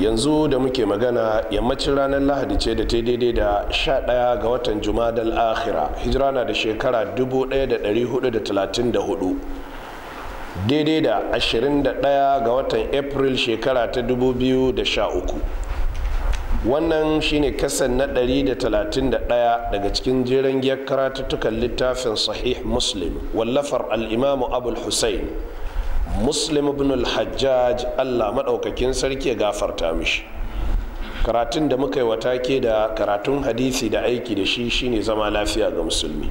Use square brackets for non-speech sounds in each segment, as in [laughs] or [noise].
yanzu da muke magana yammacin ranar lahadi ce da ta daidai da 11 ga watan jumadal akhira hijira na da shekara 1434 daidai da ashirin 21 ga watan april shekara ta 2013 wannan shine kasan na 131 daga cikin jeren giyar karatuttukan littafin sahih muslim wallafar al'imamu abul hussein muslim ibn al-hajjaj allah maɗaukakin sarki ya gafarta mishi karatun da muka yi watake da karatun hadisi da aiki da shi shine zama lafiya ga musulmi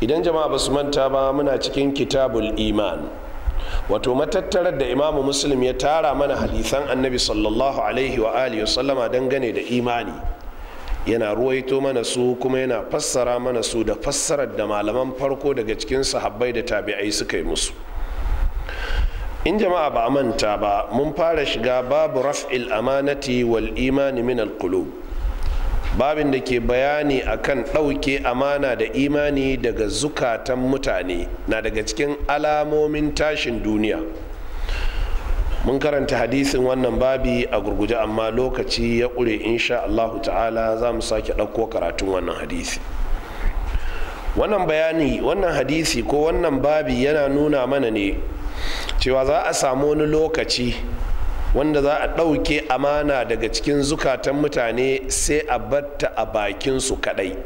idan jama'a basu manta ba muna cikin kitabul iman wato matattarar da imamu muslim ya tara mana hadisan annabi sallallahu alaihi wa alihi wasallama dangane da imani yana ruwaito mana su kuma yana fassara mana su da fassarar da malaman farko daga cikin sahabbai da tabi'ai suka yi musu in jama'a ba manta ba mun fara shiga babu raf'il amanati wal imani min al babin da ke bayani akan ɗauke amana da imani daga zukatan mutane na daga cikin alamomin tashin duniya mun karanta hadisin wannan babi a gurguje amma lokaci ya ƙure insha Allah ta'ala za mu sake ɗauko karatun wannan hadisi wannan bayani wannan hadisi ko wannan babi yana nuna mana ne cewa za a samu wani lokaci wanda za a ɗauke amana daga cikin zukatan mutane sai a batta a bakin su kadai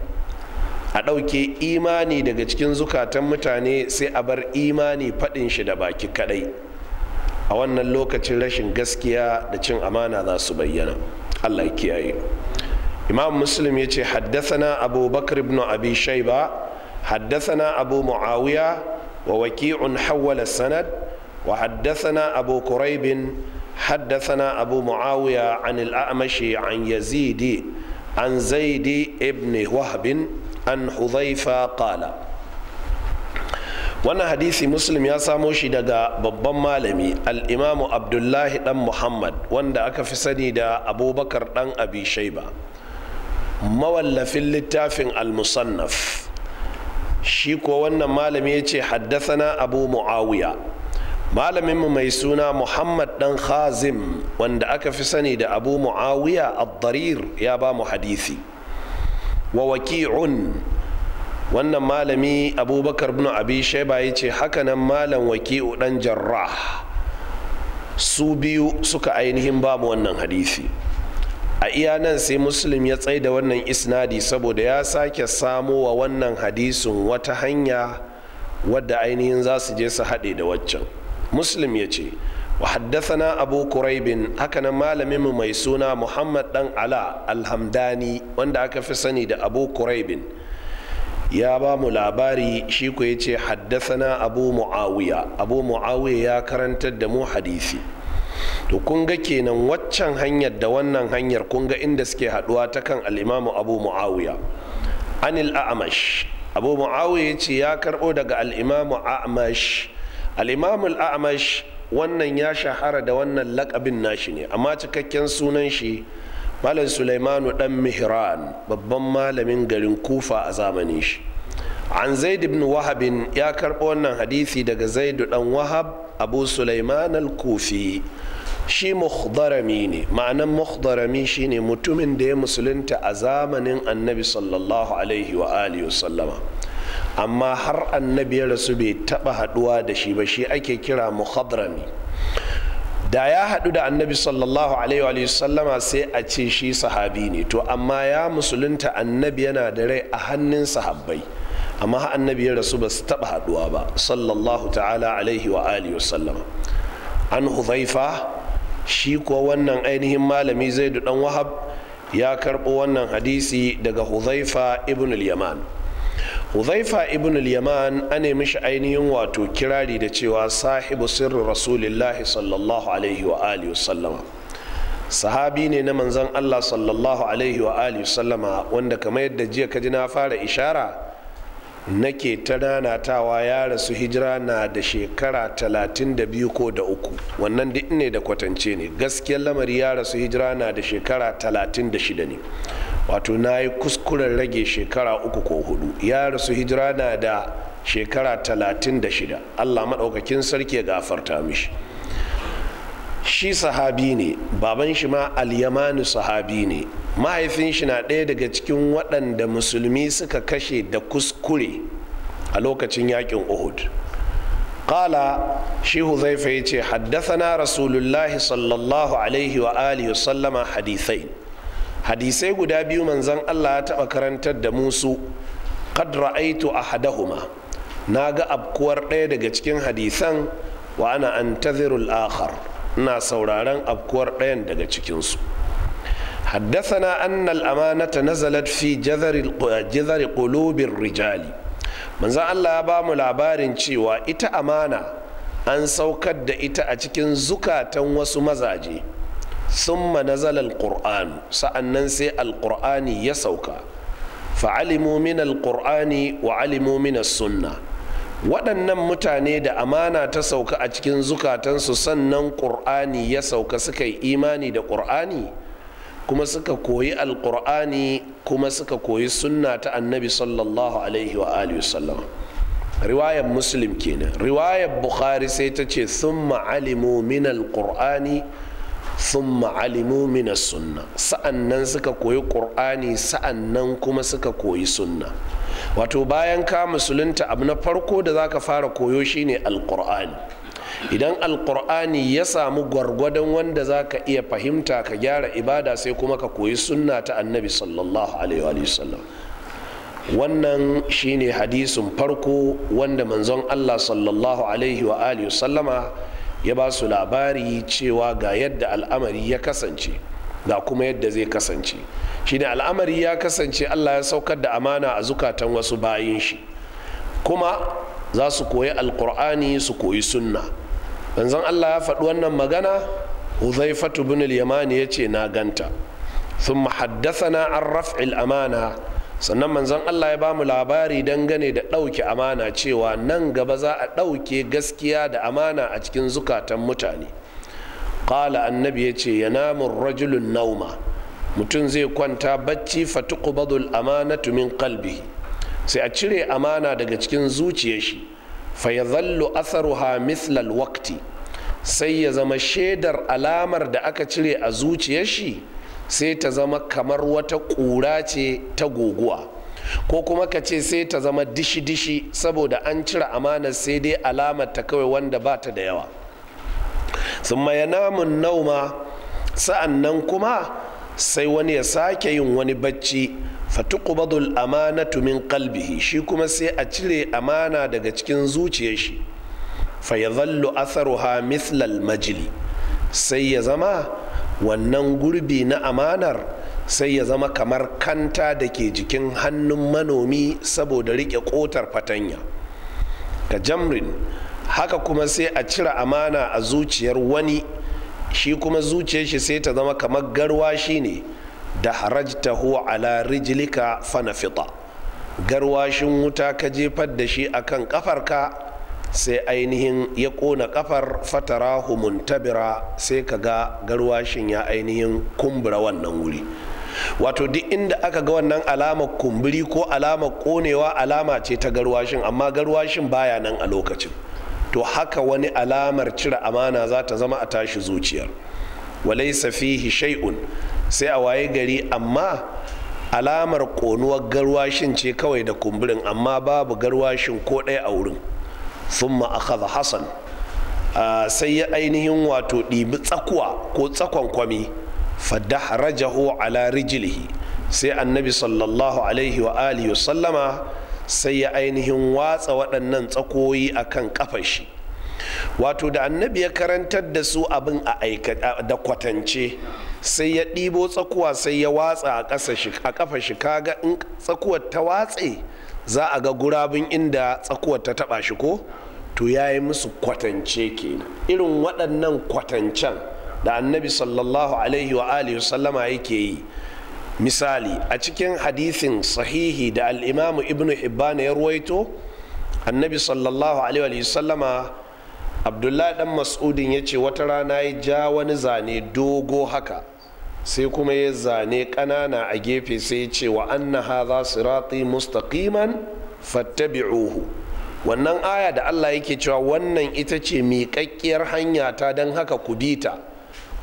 a ɗauke imani daga cikin zukatan mutane sai a bar imani faɗin shi da baki kadai a wannan lokacin rashin gaskiya da cin amana za su bayyana allah ya kiyaye imam muslim yace ce haddasana abu bakar ibn abi shaiba haddasana abu muawiya wa waki'un hawwala sanad وحدثنا أبو كريب حدثنا أبو معاوية عن الأعمش عن يزيد عن زيد ابن وهب عن حذيفة قال wannan hadisi muslim ya samo shi daga babban malami al'imamu abdullahi dan muhammad wanda aka fi sani da abubakar dan abi mawallafin littafin al shi ko wannan malami ya ce haddasa abu muawiya malaminmu mai suna muhammad dan khazim wanda aka fi sani da abu muawiya ad-darir ya ba mu hadisi wa waki'un wannan malami abubakar bin abi sheba ya ce hakanan malam waki'u dan jarrah su biyu suka ainihin ba wannan hadisi a iya nan sai muslim ya tsaye da wannan isnadi saboda ya sake samo wa wannan hadisin wata hanya wadda ainihin za su je su haɗe da waccan muslim ya ce wa haddathana abu kuraibin hakanan malamin mu mai suna muhammad dan ala alhamdani wanda aka fi sani da abu kuraibin ya ba mu labari shi ku ya ce haddathana abu mu'awiya abu mu'awiya ya karantar da mu hadisi to kun ga kenan waccan hanyar da wannan hanyar kun ga inda suke haduwa ta kan al'imamu abu mu'awiya anil a'amash abu mu'awiya ya ce ya karbo daga al'imamu a'amash alimamul amash wannan ya shahara da wannan lakabin nashi ne amma cikakken sunan shi malam sulaimanu dan mihran babban malamin garin kufa a zamani shi an zaid ibn wahab ya karbo wannan hadisi daga zaidu dan wahab abu sulaiman al-kufi shi mukhdarami ne ma'anan mukhdarami shine mutumin da ya musulunta a zamanin annabi sallallahu alaihi wa alihi wasallama amma har annabi ya rasu bai taba haduwa da shi ba shi ake kira muhadrami da ya haɗu da annabi sallallahu alaihi sallama sai a ce shi sahabi ne to amma ya musulunta annabi yana da rai a hannun sahabbai amma annabi ya rasu ba su taɓa haɗuwa ba sallallahu ta'ala alaihi wa alihi sallama an huzaifa shi kuwa wannan ainihin malami zaidu dan wahab ya karɓo wannan hadisi daga huzaifa ibn al-yaman huzaifa ibn al-yaman ane mishi ainihin wato kirari da cewa sahibu sirri rasulillahi sallallahu alaihi wa alihi sallam sahabi ne na manzon Allah sallallahu alaihi wa alihi sallama wanda kamar yadda jiya kaji na fara ishara nake ta nanatawa ya rasu hijira na da shekara 32 ko da uku wannan duk ne da kwatance ne gaskiyar lamari ya rasu hijira na da shekara 36 ne wato na yi kuskuren rage shekara uku ko hudu ya rasu hijira na da shekara talatin da shida allah maɗaukakin sarki ya gafarta mishi shi sahabi ne baban shi ma alyamani sahabi ne mahaifin shi na ɗaya daga cikin waɗanda musulmi suka kashe da kuskure a lokacin yakin uhud Ƙala shi huzaifa ya ce haddasa na rasulullahi sallallahu alaihi wa alihi wasallama hadithai hadisai guda biyu manzan allah ya taɓa karantar da musu qad ra'aitu ahadahuma na ga abkuwar ɗaya daga cikin hadisan wa ana antazirul akhar ina sauraron abkuwar ɗayan daga cikinsu حدثنا أن الأمانة نزلت في جذر جذر قلوب الرجال من زال الله بام العبارين شيوا إتا أمانة أن سوكد إتا أتكن زكاة وسمزاجي summa nazala alquran sa'annan sai alqur'ani ya sauka fa'alimu min alqur'ani wa alimu sunna waɗannan mutane da amana ta sauka a cikin zukatansu sannan ƙur'ani ya sauka suka yi imani da ƙur'ani kuma suka koyi alƙur'ani kuma suka koyi sunna ta annabi sallallahu alaihi wa alihi sallam riwayar muslim kenan riwayar bukhari sai ta ce sun alimu min alƙur'ani thumma alimu mina sunna sa'annan suka koyi sa'an sa'annan kuma suka koyi sunna wato bayan ka musulunta abu na farko da za ka fara koyo shine alƙur'ani idan alƙur'ani ya samu gwargwadon wanda za ka iya fahimta ka gyara ibada sai kuma ka koyi sunna ta annabi sallallahu alaihi wa sallam wannan shine hadisin farko wanda manzon allah sallallahu alaihi wa sallama ya ba su labari cewa ga yadda al'amari ya kasance ga kuma yadda zai kasance shine al'amari ya kasance allah ya saukar da amana a zukatan wasu bayan shi kuma za su koyi alkur'ani su koyi sunna manzon allah ya faɗi wannan magana huzaifatu bin yamani ya ce na ganta sun haddasa na an raf'il amana sannan manzon Allah ya ba mu labari dangane da ɗauke amana cewa nan gaba za a ɗauke gaskiya da amana a cikin zukatan mutane ƙala annabi ya ce yanamun rajulun nauma mutum zai kwanta bacci fatuqbadul amanatu min kalbi. sai a cire amana daga cikin zuciyar shi fa asaru ha mislal waqti sai ya zama shaidar alamar da aka cire a zuciyar shi sai ta zama kamar wata ƙura ce ta guguwa ko kuma ka ce sai ta zama dishi-dishi saboda an cire amanar sai dai alamar ta kawai wanda ba ta da yawa sun namun nauma sa'an nan kuma sai wani ya sake yin wani bacci fatuqbadul amana min kalbihi shi kuma sai a cire amana daga cikin zuciyar shi fa ya zallu atharuha mislal majili sai ya zama wannan gurbi na amanar sai ya zama kamar kanta da ke jikin hannun manomi saboda rike kotar fatanya kajamrin jamrin haka kuma sai a cire amana a zuciyar wani shi kuma zuciyar shi sai ta zama kamar garwashi ne da harajta huwa ala rijlika fita garwashin wuta ka jefar da shi akan kafarka sai ainihin ya kona kafar fatara muntabira sai ka ga garwashin ya ainihin kumbura wannan wuri wato duk inda aka ga wannan alamar kumburi ko alamar konewa alama ce ta garwashin amma garwashin baya nan a lokacin to haka wani alamar cire amana za ta zama a tashi zuciyar walaisa fihi shay'un sai a waye gari amma alamar ƙonuwar garwashin ce kawai da kumburin amma babu garwashin ko ɗaya a wurin a akhadha Hassan ah, sai ya ainihin wato ɗibi tsakuwa ko tsakon kwami a ala jilihi. sai annabi sallallahu alaihi wa alihi sallama sai ya ainihin watsa waɗannan tsakoyi akan kan shi wato da annabi ya karantar da su abin a da kwatance sai ya ɗibo tsakuwa sai ya watsa a a ƙafa shi kaga in tsakuwar ta watse za a ga gurabin inda tsakuwar ta taba shi ko to ya yi musu kwatance ke. irin waɗannan kwatancen da annabi sallallahu alaihi wa alihi sallama yake yi misali a cikin hadithin sahihi da al'imamu ibnu hibban ya ruwaito annabi sallallahu alaihi wa sallama abdullahi dan mas'udin ya ce wata rana ya ja wani zane dogo haka sai kuma ya zane kanana a gefe sai ce wa anna su sirati mustaqiman fattabi'uhu wannan aya da Allah yake cewa wannan ita ce miƙaƙƙiyar hanya ta don haka ku bi ta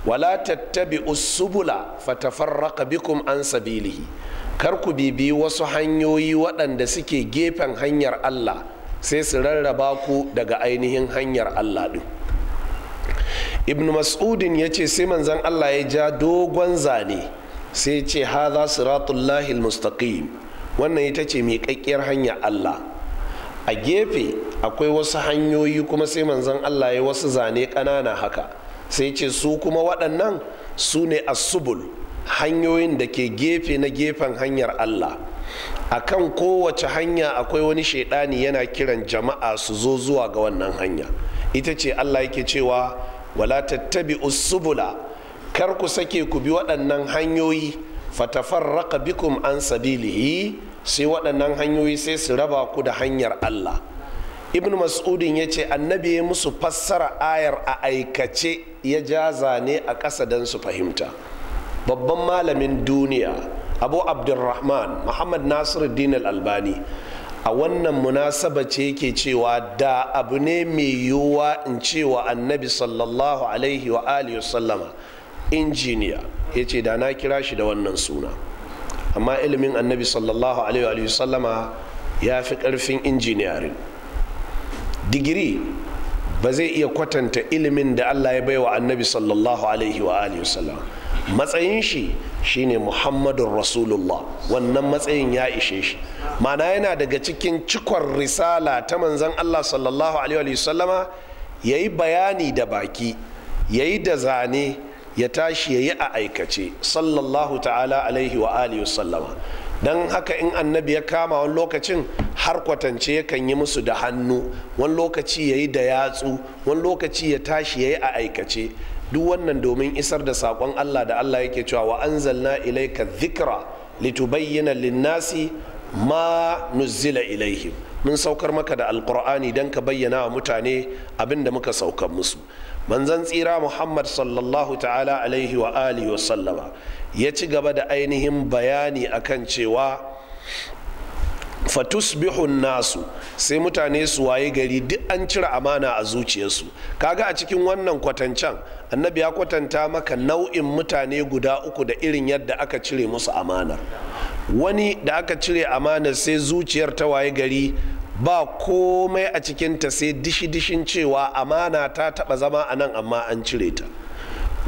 wala tattabi'u subula fatafarraqa bikum an sabilihi kar ku bibi wasu hanyoyi waɗanda suke gefen hanyar Allah sai su rarraba ku daga ainihin hanyar Allah ɗin ibn mas'udin ya ce sai manzan allah ya ja dogon zane sai ya ce haza siratullahi mustaqim wannan ita ce mai kakkiyar hanya allah a gefe akwai wasu hanyoyi kuma sai manzan allah ya wasu zane ƙanana haka sai ce su kuma waɗannan su ne asubul hanyoyin da ke gefe na gefen hanyar allah A akan kowace hanya akwai wani shaidani yana kiran jama'a su zo zuwa ga wannan hanya ita ce allah yake cewa wala tattabi usubula kar ku sake ku bi waɗannan hanyoyi fatafarraqa bikum an sabilihi sai waɗannan hanyoyi sai su raba ku da hanyar Allah ibn mas'udin ya ce annabi ya musu fassara ayar a aikace ya jaza ne a ƙasa don su fahimta babban malamin duniya abu abdulrahman muhammad nasiruddin al-albani a wannan munasaba ce yake cewa da abu ne mai yiwuwa in cewa annabi sallallahu alaihi wa alihi sallama injiniya ya ce da na kira shi da wannan suna amma ilimin annabi sallallahu alaihi wa sallama ya fi karfin injiniyarin digiri ba zai iya kwatanta ilimin da allah ya baiwa annabi sallallahu alaihi wa alihi sallama matsayin shi shine muhammadun rasulullah wannan matsayin ya ishe shi mana yana daga cikin cikon risala ta manzan allah sallallahu alaihi wasallama ya yi bayani da baki ya yi da zane ya tashi ya yi a aikace sallallahu ta'ala alaihi wa alihi wasallama don haka in annabi ya kama wani lokacin har kwatance kan yi musu da hannu wani lokaci ya yi da yatsu wani lokaci ya tashi ya yi a aikace duk wannan domin isar da saƙon Allah da Allah yake cewa wa anzalna ilaika dhikra litubayyana linnasi ma nuzzila ilaihim mun saukar maka da alqur'ani dan ka bayyana wa mutane abin da muka saukar musu manzon tsira Muhammad sallallahu ta'ala alaihi wa alihi wa sallama ya ci gaba da ainihin bayani akan cewa fatusbihun nasu sai mutane su waye gari duk an cire amana a zuciyarsu kaga a cikin wannan kwatancan annabi ya kwatanta maka nau'in mutane guda uku da irin yadda aka cire musu amanar wani da aka cire amanar sai zuciyar ta waye gari ba komai a cikinta sai dishi-dishin cewa amana ta taba zama a nan amma an cire ta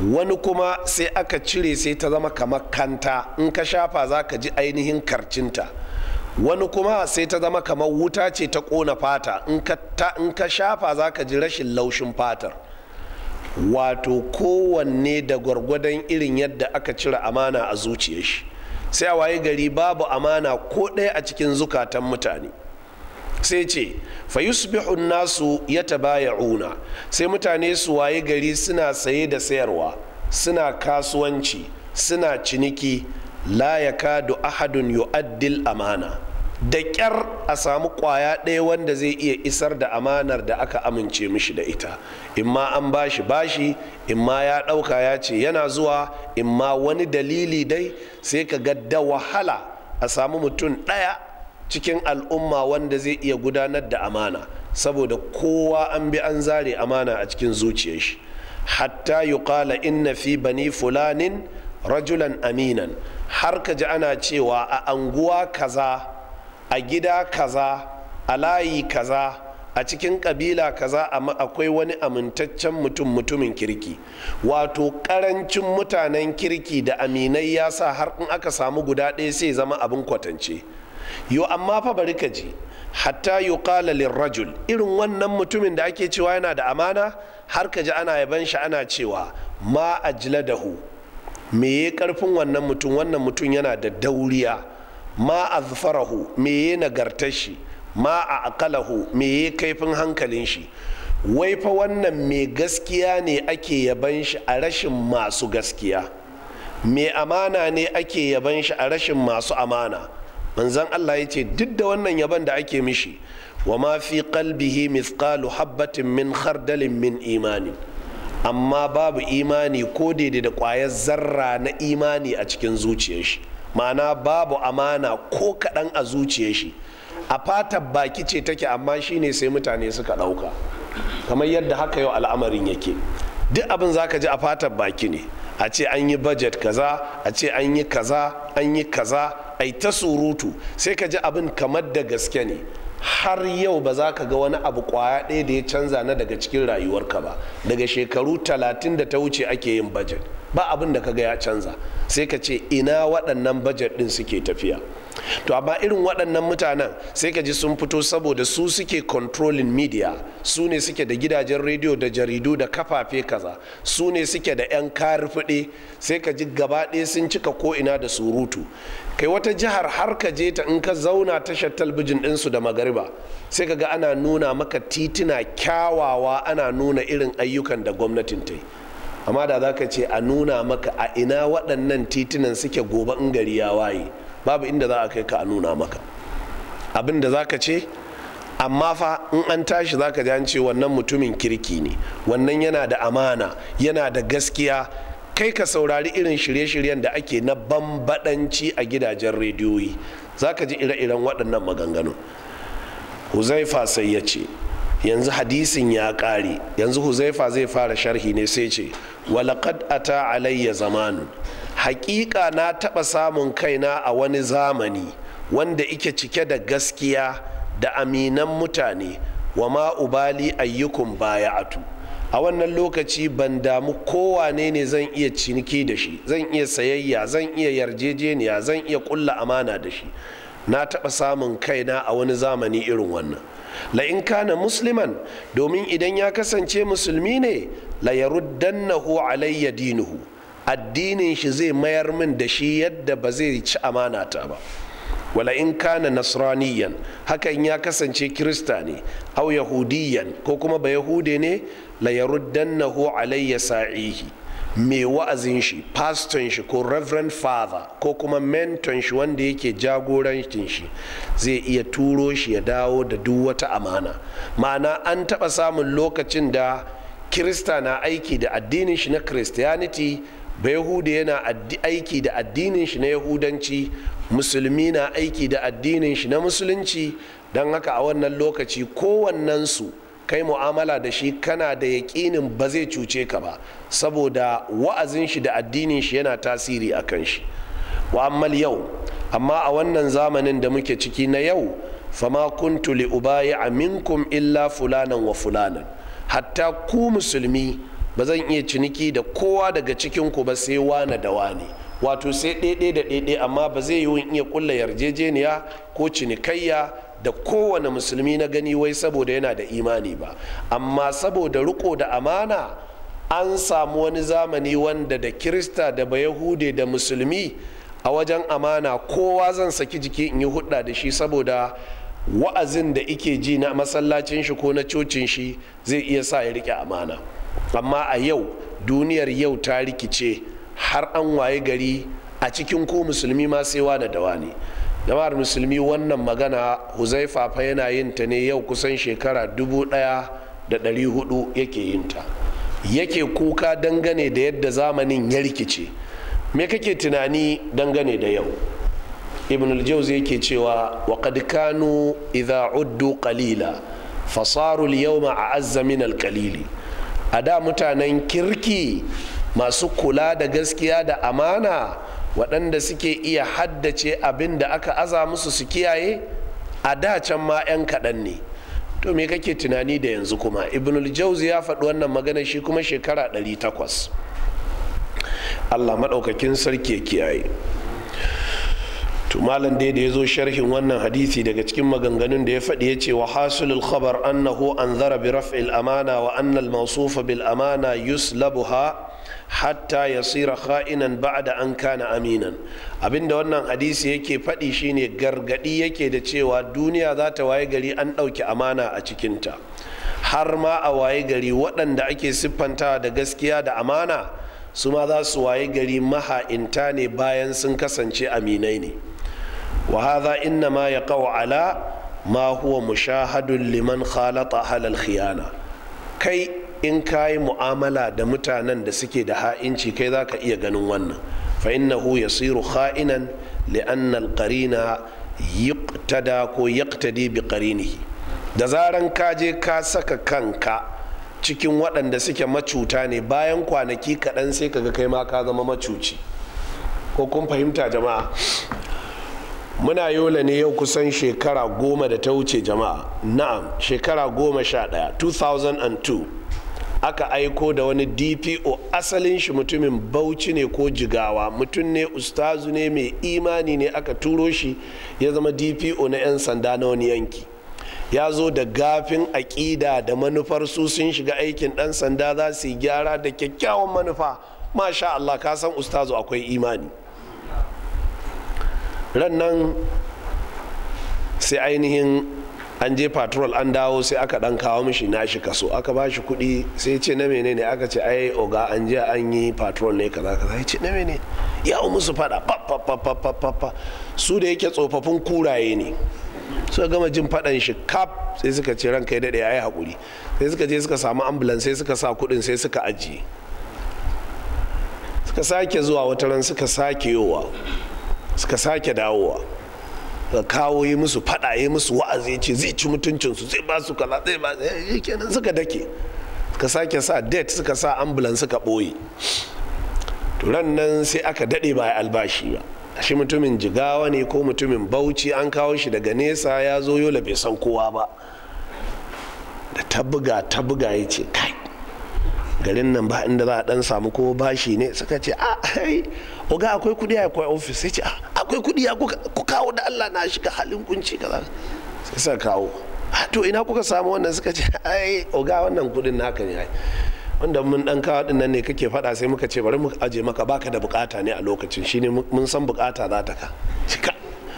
wani kuma sai aka cire sai ta zama kamar kanta in ka shafa za ka ji ainihin karcinta wani kuma sai ta zama kamar wuta ce ta ƙona fata in ka shafa za ka ji rashin laushin fatar wato kowanne da gwargwadon irin yadda aka cire amana a zuciya shi sai a waye gari babu amana ko ɗaya a cikin zukatan mutane sai ce fa yusbihu nasu yatabaya'una sai mutane su waye gari suna saye da sayarwa suna kasuwanci suna ciniki la ya kadu ahadun yu'addil amana da kyar a samu kwaya ɗaya wanda zai iya isar da amanar da aka amince mishi da ita in ma an bashi bashi in ma ya ɗauka ya ce yana zuwa in ma wani dalili dai sai ka ga da wahala a samu mutum ɗaya cikin al'umma wanda zai iya gudanar da amana saboda kowa an bi an zare amana a cikin zuciyar shi hatta yuqala inna fi bani fulanin rajulan aminan har ka ji ana cewa a anguwa kaza a gida kaza a layi kaza a cikin kabila kaza amma akwai wani amintaccen mutum mutumin kirki wato karancin mutanen kirki da aminai ya sa har in aka samu guda ɗaya sai zama abin kwatance yo amma fa bari ka ji hatta yuqala rajul irin wannan mutumin da ake cewa yana da amana har ka ji ana yaban shi ana cewa ma ajladahu me ya karfin wannan mutum wannan mutum yana da dauriya ma a zufarahu me ya nagartar shi ma a akalahu me ya kaifin hankalin shi wai fa wannan me gaskiya ne ake yaban shi a rashin masu gaskiya me amana ne ake yaban shi a rashin masu amana manzan Allah ya ce duk da wannan yaban da ake mishi wa ma fi qalbihi mithqalu habbatin min khardalin min imanin amma babu imani ko daidai da kwayar zarra na imani a cikin zuciyar shi ma'ana babu amana ko kaɗan a zuciyar shi a fatar baki ce take amma shine sai mutane suka ɗauka kamar yadda haka yau al'amarin yake duk abin za ka ji a fatar baki ne a ce an yi budget kaza a ce an yi kaza an yi kaza ai ta surutu sai ka ji abin kamar da gaske ne har yau ba za ka ga wani abu kwaya ɗaya da ya canza na daga cikin rayuwarka ba daga shekaru talatin da ta wuce ake yin bajet ba abin da ka ga ya canza sai ka ce ina waɗannan bajet ɗin suke tafiya to amma irin waɗannan mutanen sai ka ji sun fito saboda su suke controlling media su ne suke da gidajen rediyo da jaridu da kafafe kaza su ne suke da 'yan karfiɗe sai ka ji gabaɗe sun cika ko'ina da surutu kai wata jihar har ka je ta in ka zauna tashar talbijin ɗinsu da magariba sai ka ga ana nuna maka titina kyawawa ana nuna irin ayyukan da gwamnatin ta yi amma da za ka ce a nuna maka a ina waɗannan titunan suke gobe in gari ya waye babu inda za a kai ka a nuna maka abin da za ka ce amma fa in an tashi za ka ji wannan mutumin kirki ne wannan yana da amana yana da gaskiya kai ka saurari irin shirye-shiryen da ake na bambadanci a gidajen rediyoyi za ka ji ire-iren waɗannan maganganu huzaifa sai ya ce yanzu hadisin ya ƙare yanzu huzaifa zai fara sharhi ne sai ce walaƙad ata alayya zamanu. Haƙiƙa na taɓa samun kaina a wani zamani wanda ike cike da gaskiya da aminan mutane wa ma ubali ayyukun baya atu. a wannan lokaci ban damu kowane ne zan iya ciniki da shi zan iya sayayya zan iya yarjejeniya zan iya ƙulla amana da shi na taɓa samun kaina a wani zamani irin wannan la in kana musliman domin idan ya kasance musulmi ne la yaruddannahu alayya dinuhu addinin shi zai mayar min da shi yadda ba zai ci amana ta ba wala in kana nasraniyan hakan ya kasance kirista ne au yahudiyan ko kuma ba yahude ne la yaruddannahu alayya sa'ihi mai wa'azin shi paston shi ko reverend father ko kuma menton shi wanda yake jagorancin shi zai iya turo shi ya dawo da duk wata amana ma'ana an taɓa samun lokacin da kirista na aiki da addinin shi na christianity ba yahudu yana aiki da addinin shi na yahudanci musulmi na aiki da addinin shi na musulunci don haka a wannan lokaci kowannensu kai mu'amala da shi kana da yaƙinin ba zai cuce ka ba saboda wa'azin shi da addinin shi yana tasiri a kan shi wa'ammal yau amma a wannan zamanin da muke ciki na yau fama kuntu li ubaya minkum illa fulanan wa fulanan hatta ku musulmi ba zan iya ciniki da kowa daga cikin ku ba sai wane da wane wato sai ɗaiɗe da ɗaiɗe amma ba zai yi iya kulla yarjejeniya ko cinikayya da kowane musulmi na gani wai saboda yana da imani ba amma saboda riko da amana an samu wani zamani wanda da kirista da bayahude da musulmi a wajen amana kowa zan saki jiki in yi hudda da shi saboda wa'azin da ike ji na masallacin shi ko na cocin shi zai iya sa ya rike amana amma a yau duniyar yau ta rikice har an waye gari a cikin ko musulmi ma sai wa da ne jama'ar musulmi wannan magana huzaifa fa yana yin ta ne yau kusan shekara dubu ɗaya da ɗari hudu yake yin ta yake kuka dangane da yadda zamanin ya rikice me kake tunani dangane da yau ibn al yake cewa wa qad kanu idha uddu qalila fasaru al-yawma a'azza min al-qalili a da mutanen kirki masu kula da gaskiya da amana waɗanda suke iya haddace abin da aka aza musu su kiyaye a da can ma 'yan kaɗan ne to me kake tunani da yanzu kuma ibnul jauzi ya faɗi wannan magana shi kuma shekara 800 allah maɗaukakin sarki ya kiyaye to malam dai da ya zo sharhin wannan hadisi daga cikin maganganun da ya faɗi ya ce wa hasulul khabar annahu anzara bi raf'il amana wa annal mawsufa bil amana yuslabuha hatta yasira kha'inan ba'da an kana aminan abinda wannan hadisi yake faɗi shine gargadi yake da cewa duniya za ta waye gari an ɗauki amana a cikinta har ma a waye gari waɗanda ake siffanta da gaskiya da amana su ma za su waye gari maha'inta ne bayan sun kasance aminai ne wa hadha inna ma kawo ala ma huwa mushahadun liman khalata halal khiyana kai in ka yi mu'amala da mutanen da suke da ha'inci kai za ka iya ganin wannan fa ya yasiru kha'inan li anna al-qarina yuqtada ko yaqtadi bi qarinihi da zaran ka je ka saka kanka cikin waɗanda suke macuta ne bayan kwanaki kaɗan sai kaga kai ma ka zama macuci ko kun fahimta jama'a muna yola ne yau kusan shekara goma da ta wuce jama'a na'am shekara goma sha ɗaya 2002 aka aiko da wani dpo asalin shi mutumin bauchi ne ko jigawa mutum ne ustazu ne mai imani ne aka turo shi ya zama dpo na 'yan sanda na wani yanki ya zo da gafin aƙida da manufar su sun shiga aikin ɗan sanda za su yi gyara da kyakkyawan manufa masha Allah ka san ustazu akwai imani ran nan sai ainihin an je patrol an dawo sai aka dan kawo mishi nashi kaso aka ba shi kuɗi sai ce na menene aka ce ai oga an je an yi patrol ne kaza kaza ya ce na menene ya musu fada papapapapapa su da yake tsofaffin kuraye ne suka gama jin fadan shi kap sai suka ce ranka ya daɗe ai hakuri sai suka je suka samu ambulance sai suka sa kuɗin sai suka ajiye suka sake zuwa wata ran suka sake yowa suka sake dawowa ka kawo yi musu fada yi musu wa'azi ce zai ci mutuncinsu zai ba su kala zai ba su eh, kenan suka dake suka sake sa date suka sa ambulan suka ɓoye turan nan sai aka daɗe ba albashi ba shi mutumin jigawa ne ko mutumin bauchi an kawo shi daga nesa ya zo yola bai san kowa ba da ta buga ya ce kai garin nan ba inda za a dan samu ko bashi ne suka ce a ah, oga akwai kudi a kwa ofis sai ce ah, akwai kudi ya ku kawo da Allah na shiga halin kunci kaza sai sa kawo ah, to ina kuka samu wannan suka ce ai oga wannan kudin naka ne ai wanda mun dan kawo din nan ne kake faɗa sai muka ce bari mu aje maka baka da bukata ne a lokacin shine mun san bukata za ta ka cika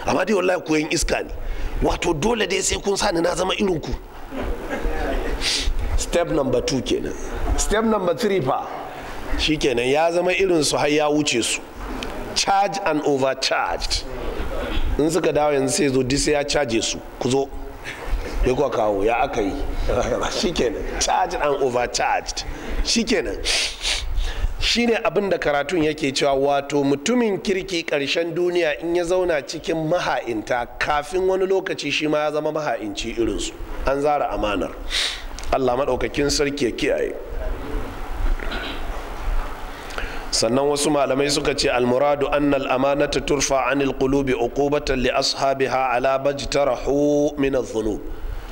amma dai wallahi koyan iska ne wato dole dai sai kun sani na zama irin ku step number two kenan step number three fa shikenan ya zama irin su har ya wuce su charge and overcharged in suka dawo yanzu sai zo sai ya caje su ku zo bai kuwa kawo ya aka yi [laughs] shikenan charge and overcharged shikenan shine abin da karatun yake cewa wato mutumin kirki karshen duniya in ya zauna cikin maha'inta kafin wani lokaci shi ma ya zama maha'inci irinsu an zara amanar allah maɗaukakin sarki ya kiyaye sannan wasu malamai suka ce almuradu annal amanata turfa anil qulubi uqubatan li ashabiha ala bajtarahu min adh-dhunub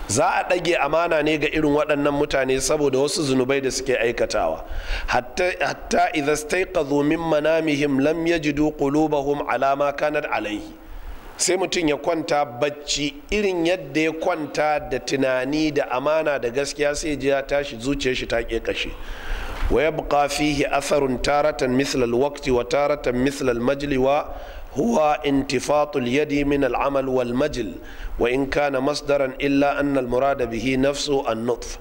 za a ɗage amana ne ga irin waɗannan mutane saboda wasu zunubai da suke aikatawa hatta idza staiqadhu min manamihim lam yajidu qulubahum ala ma kanat alayhi sai mutum ya kwanta bacci irin yadda ya kwanta da tunani da amana da gaskiya sai ji ya tashi zuciyar shi ta ke kashe wa yabqa fihi atharun taratan mislal alwaqti wa taratan misla almajli wa huwa intifatul yadi min al'amal wal majl wa in kana masdaran illa anna almurada bihi nafsu an-nutf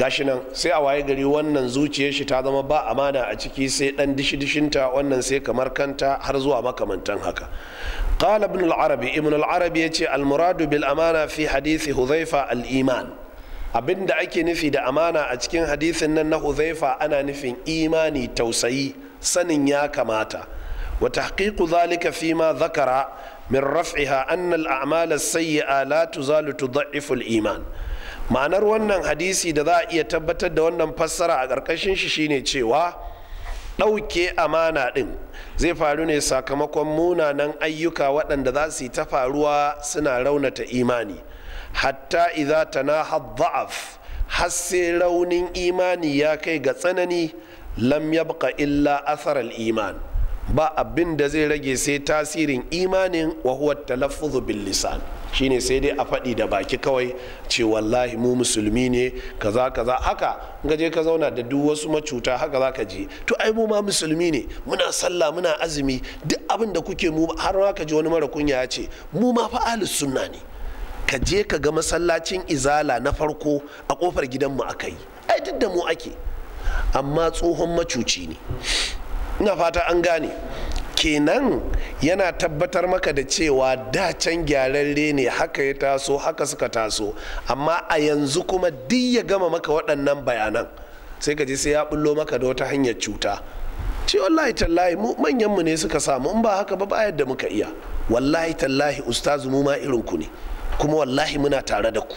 gashi nan sai a waye gari wannan zuciyar ta zama ba amana a ciki sai dan dishi-dishinta wannan sai kamar kanta har zuwa makamantan haka qala ibn al-arabi ibn al-arabi yace al bil amana fi hadisi hudhaifa al-iman abinda ake nufi da amana a cikin hadisin nan na huzaifa ana nufin imani tausayi sanin ya kamata wa tahqiqu zalika fi ma zakara min raf'iha anna al-a'mal as-sayyi'a la tuzalu tudha'hifu al-iman ma'anar wannan hadisi da za a iya tabbatar da wannan fassara a ƙarƙashin shi shine cewa ɗauke amana ɗin zai faru ne sakamakon munanan ayyuka waɗanda za su yi ta faruwa suna raunata imani hatta iza na dha'af har sai raunin imani ya kai ga tsanani lam yabqa illa athar iman ba abin da zai rage sai tasirin imanin wa huwa talaffuzu bil lisan shine sai dai a faɗi da baki kawai ce wallahi mu musulmi ne kaza kaza haka ga je ka zauna da duk wasu macuta haka zaka je to ai mu ma musulmi ne muna sallah muna azumi duk abin da kuke mu har ka ji wani mara kunya ya ce mu ma fa ahlus sunna ne ka je ka ga masallacin izala na farko a kofar gidanmu aka yi ai duk da mu ake amma tsohon macuci ne ina fata an gane kenan yana tabbatar maka da cewa dacen gyararre ne haka ya taso haka suka taso amma a yanzu kuma duk ya gama maka waɗannan bayanan sai ka ji sai ya bullo maka da wata hanyar cuta ce wallahi tallahi mu manyanmu ne suka samu in ba haka ba ba yadda muka iya wallahi tallahi ustazu mu ma irin ku ne kuma wallahi muna tare da ku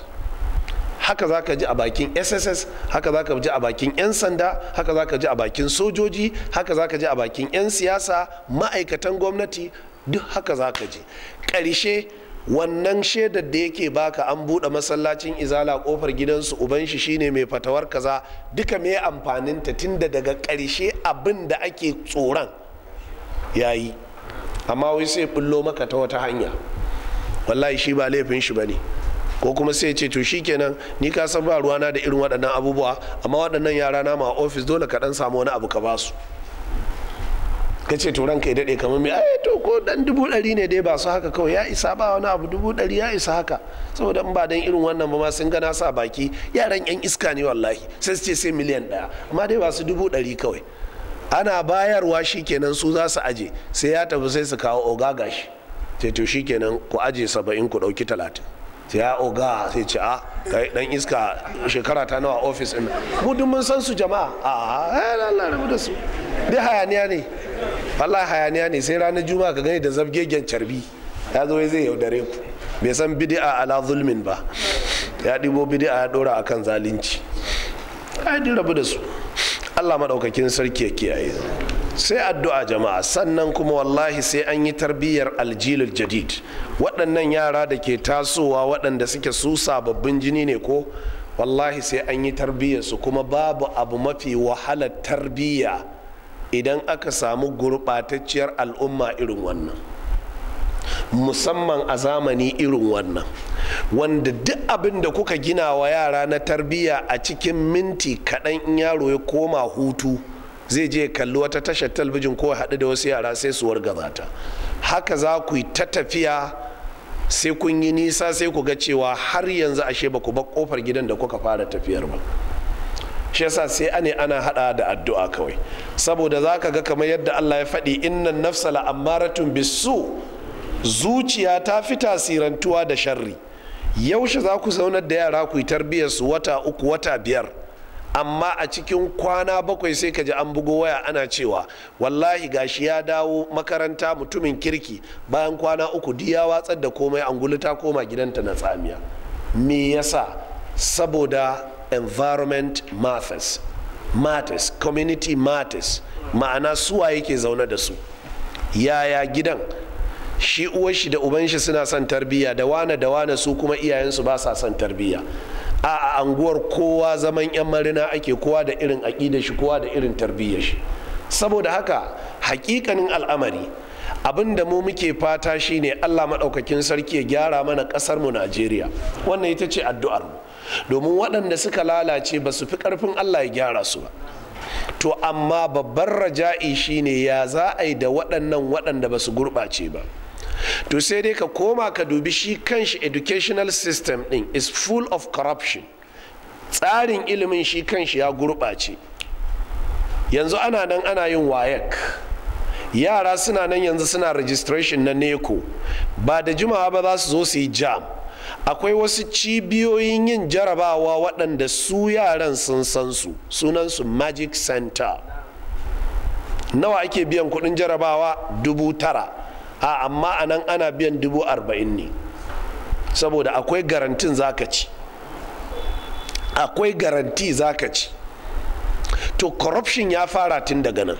haka za ka ji a bakin sss haka za ka ji a bakin 'yan sanda haka za ka ji a bakin sojoji haka za ka ji a bakin 'yan siyasa ma'aikatan gwamnati duk haka za ka ji ƙarshe wannan shaidar da yake baka an buɗe masallacin izala kofar gidansu uban shi shine mai fatawar kaza duka me ta tunda daga ƙarshe abin da ake tsoron yayi amma wai sai bullo maka ta wata hanya wallahi shi ba laifin shi ne ko kuma sai ce to shi kenan ni ka san ba ruwana da irin waɗannan abubuwa amma waɗannan yara na ma ofis dole ka dan samu wani abu ka ba su ka ce to ranka ya daɗe kamar mai ai to ko dan dubu ɗari ne dai ba su haka kawai ya isa ba wani abu dubu ɗari ya isa haka saboda in ba dan irin wannan ba ma sun gana sa baki yaran yan iska ne wallahi sai su ce sai miliyan ɗaya amma dai ba su dubu ɗari kawai ana bayarwa shi kenan su za su aje sai ya tafi sai su kawo oga gashi sai to shikenan ku aje saba'in ku ɗauki talatin sai ya oga sai ce a ah, kai dan iska shekara ta nawa ofis ɗin mu duk mun san su jama'a a ah, eh, Allah rabu da su dai hayaniya ne Allah hayaniya ne sai ranar juma'a ka gani da zabgegen carbi ya zo zai yaudare ku bai san bidi'a ala zulmin ba ya ɗibo bidi'a ya ɗora a kan zalunci ai rabu da su allah maɗaukakin sarki ya kiyaye sai addu'a jama'a sannan kuma wallahi sai an yi tarbiyyar aljilul jadid waɗannan yara da ke tasowa waɗanda suke su sababbin jini ne ko wallahi sai an yi tarbiyyarsu kuma babu abu mafi wahalar tarbiyya idan aka samu gurɓatacciyar al'umma irin wannan musamman a zamani irin wannan wanda duk abin da kuka gina wa yara na tarbiyya a cikin minti kaɗan in yaro ya koma hutu zai je kalli wata tashar talbijin ko haɗu da wasu yara sai su wargabata haka za ku yi ta tafiya sai kun yi nisa sai ku ga cewa har yanzu ashe ba ku ba kofar gidan da kuka fara tafiyar ba shi yasa sai ane ana hada da addu'a kawai saboda za ka ga kamar yadda Allah ya faɗi innan nafsa la'ammaratun bisu zuciya ta fi tasirantuwa da sharri yaushe za ku zaunar da yara ku yi tarbiyyar su wata uku wata biyar amma a cikin kwana bakwai sai ka ji an bugo waya ana cewa wallahi gashi ya dawo makaranta mutumin kirki bayan kwana uku di ya watsar da komai angulu ta koma gidanta na tsamiya me yasa saboda environment matters matters community matters ma'ana suwa yake zaune da su yaya gidan shi uwar shi da uban shi suna son tarbiyya da wane da wane su kuma iyayensu ba sa son tarbiyya a anguwar kowa zaman yan marina ake kowa da irin aƙida shi kowa da irin tarbiyyar shi saboda haka hakikanin al'amari abin da mu muke fata shine allah maɗaukakin sarki ya gyara mana ƙasar mu najeriya wannan ita ce addu'ar mu domin waɗanda suka lalace ba su fi ƙarfin allah ya gyara su ba to amma babbar raja'i shine ya za a yi da waɗannan waɗanda ba su gurɓace ba to sai dai ka koma ka dubi shi kanshi educational system din is full of corruption tsarin ilimin shi kanshi ya gurɓace yanzu ana nan ana yin wayak yara suna nan yanzu suna registration na neko ba da jimawa ba za su zo su yi jam akwai wasu cibiyoyin yin jarabawa waɗanda su yaran sun san su sunansu magic center nawa ake biyan kuɗin jarabawa dubu tara a amma a nan ana biyan dubu arba'in ne saboda akwai garantin zaka ci akwai garanti zaka ci to corruption ya fara tun daga nan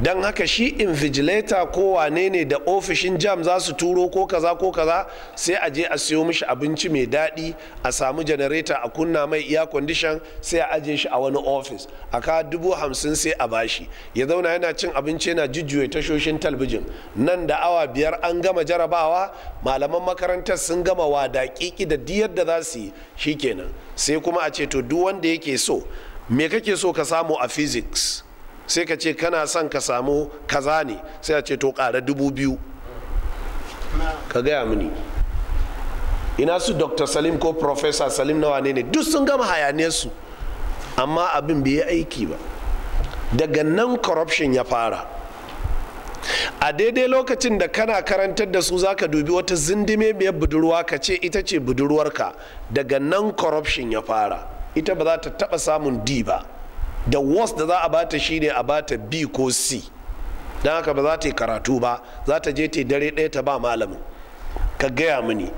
don haka shi invigilator ko wane ne da ofishin jam za su turo ko kaza ko kaza sai a je a siyo mishi abinci mai daɗi a samu janareta a kunna mai iya condition sai a ajiye shi a wani ofis a ka dubu hamsin sai a bashi ya zauna yana cin abinci yana jujjuya tashoshin talbijin nan da awa biyar an gama jarabawa malaman makarantar sun gama wadaƙiƙi da diyar da za su yi shi shikenan sai kuma a ce to duk wanda yake so me kake so ka samu a physics sai ka ce kana son ka samu kaza ne sai a ce to kara dubu biyu ka gaya mini ina su dr salim ko professor salim na wane ne duk sun gama hayaniyarsu amma abin bai yi aiki ba daga nan corruption ya fara a daidai lokacin da kana karantar da su za ka dubi wata zindime mai budurwa ka ce ita ce budurwarka daga nan corruption ya fara ita ba za ta taba samun di ba da worst da za a bata ne a bata b ko c don haka ba za ta yi karatu ba za ta je ta dare ɗaya ta ba malamin ka gaya mini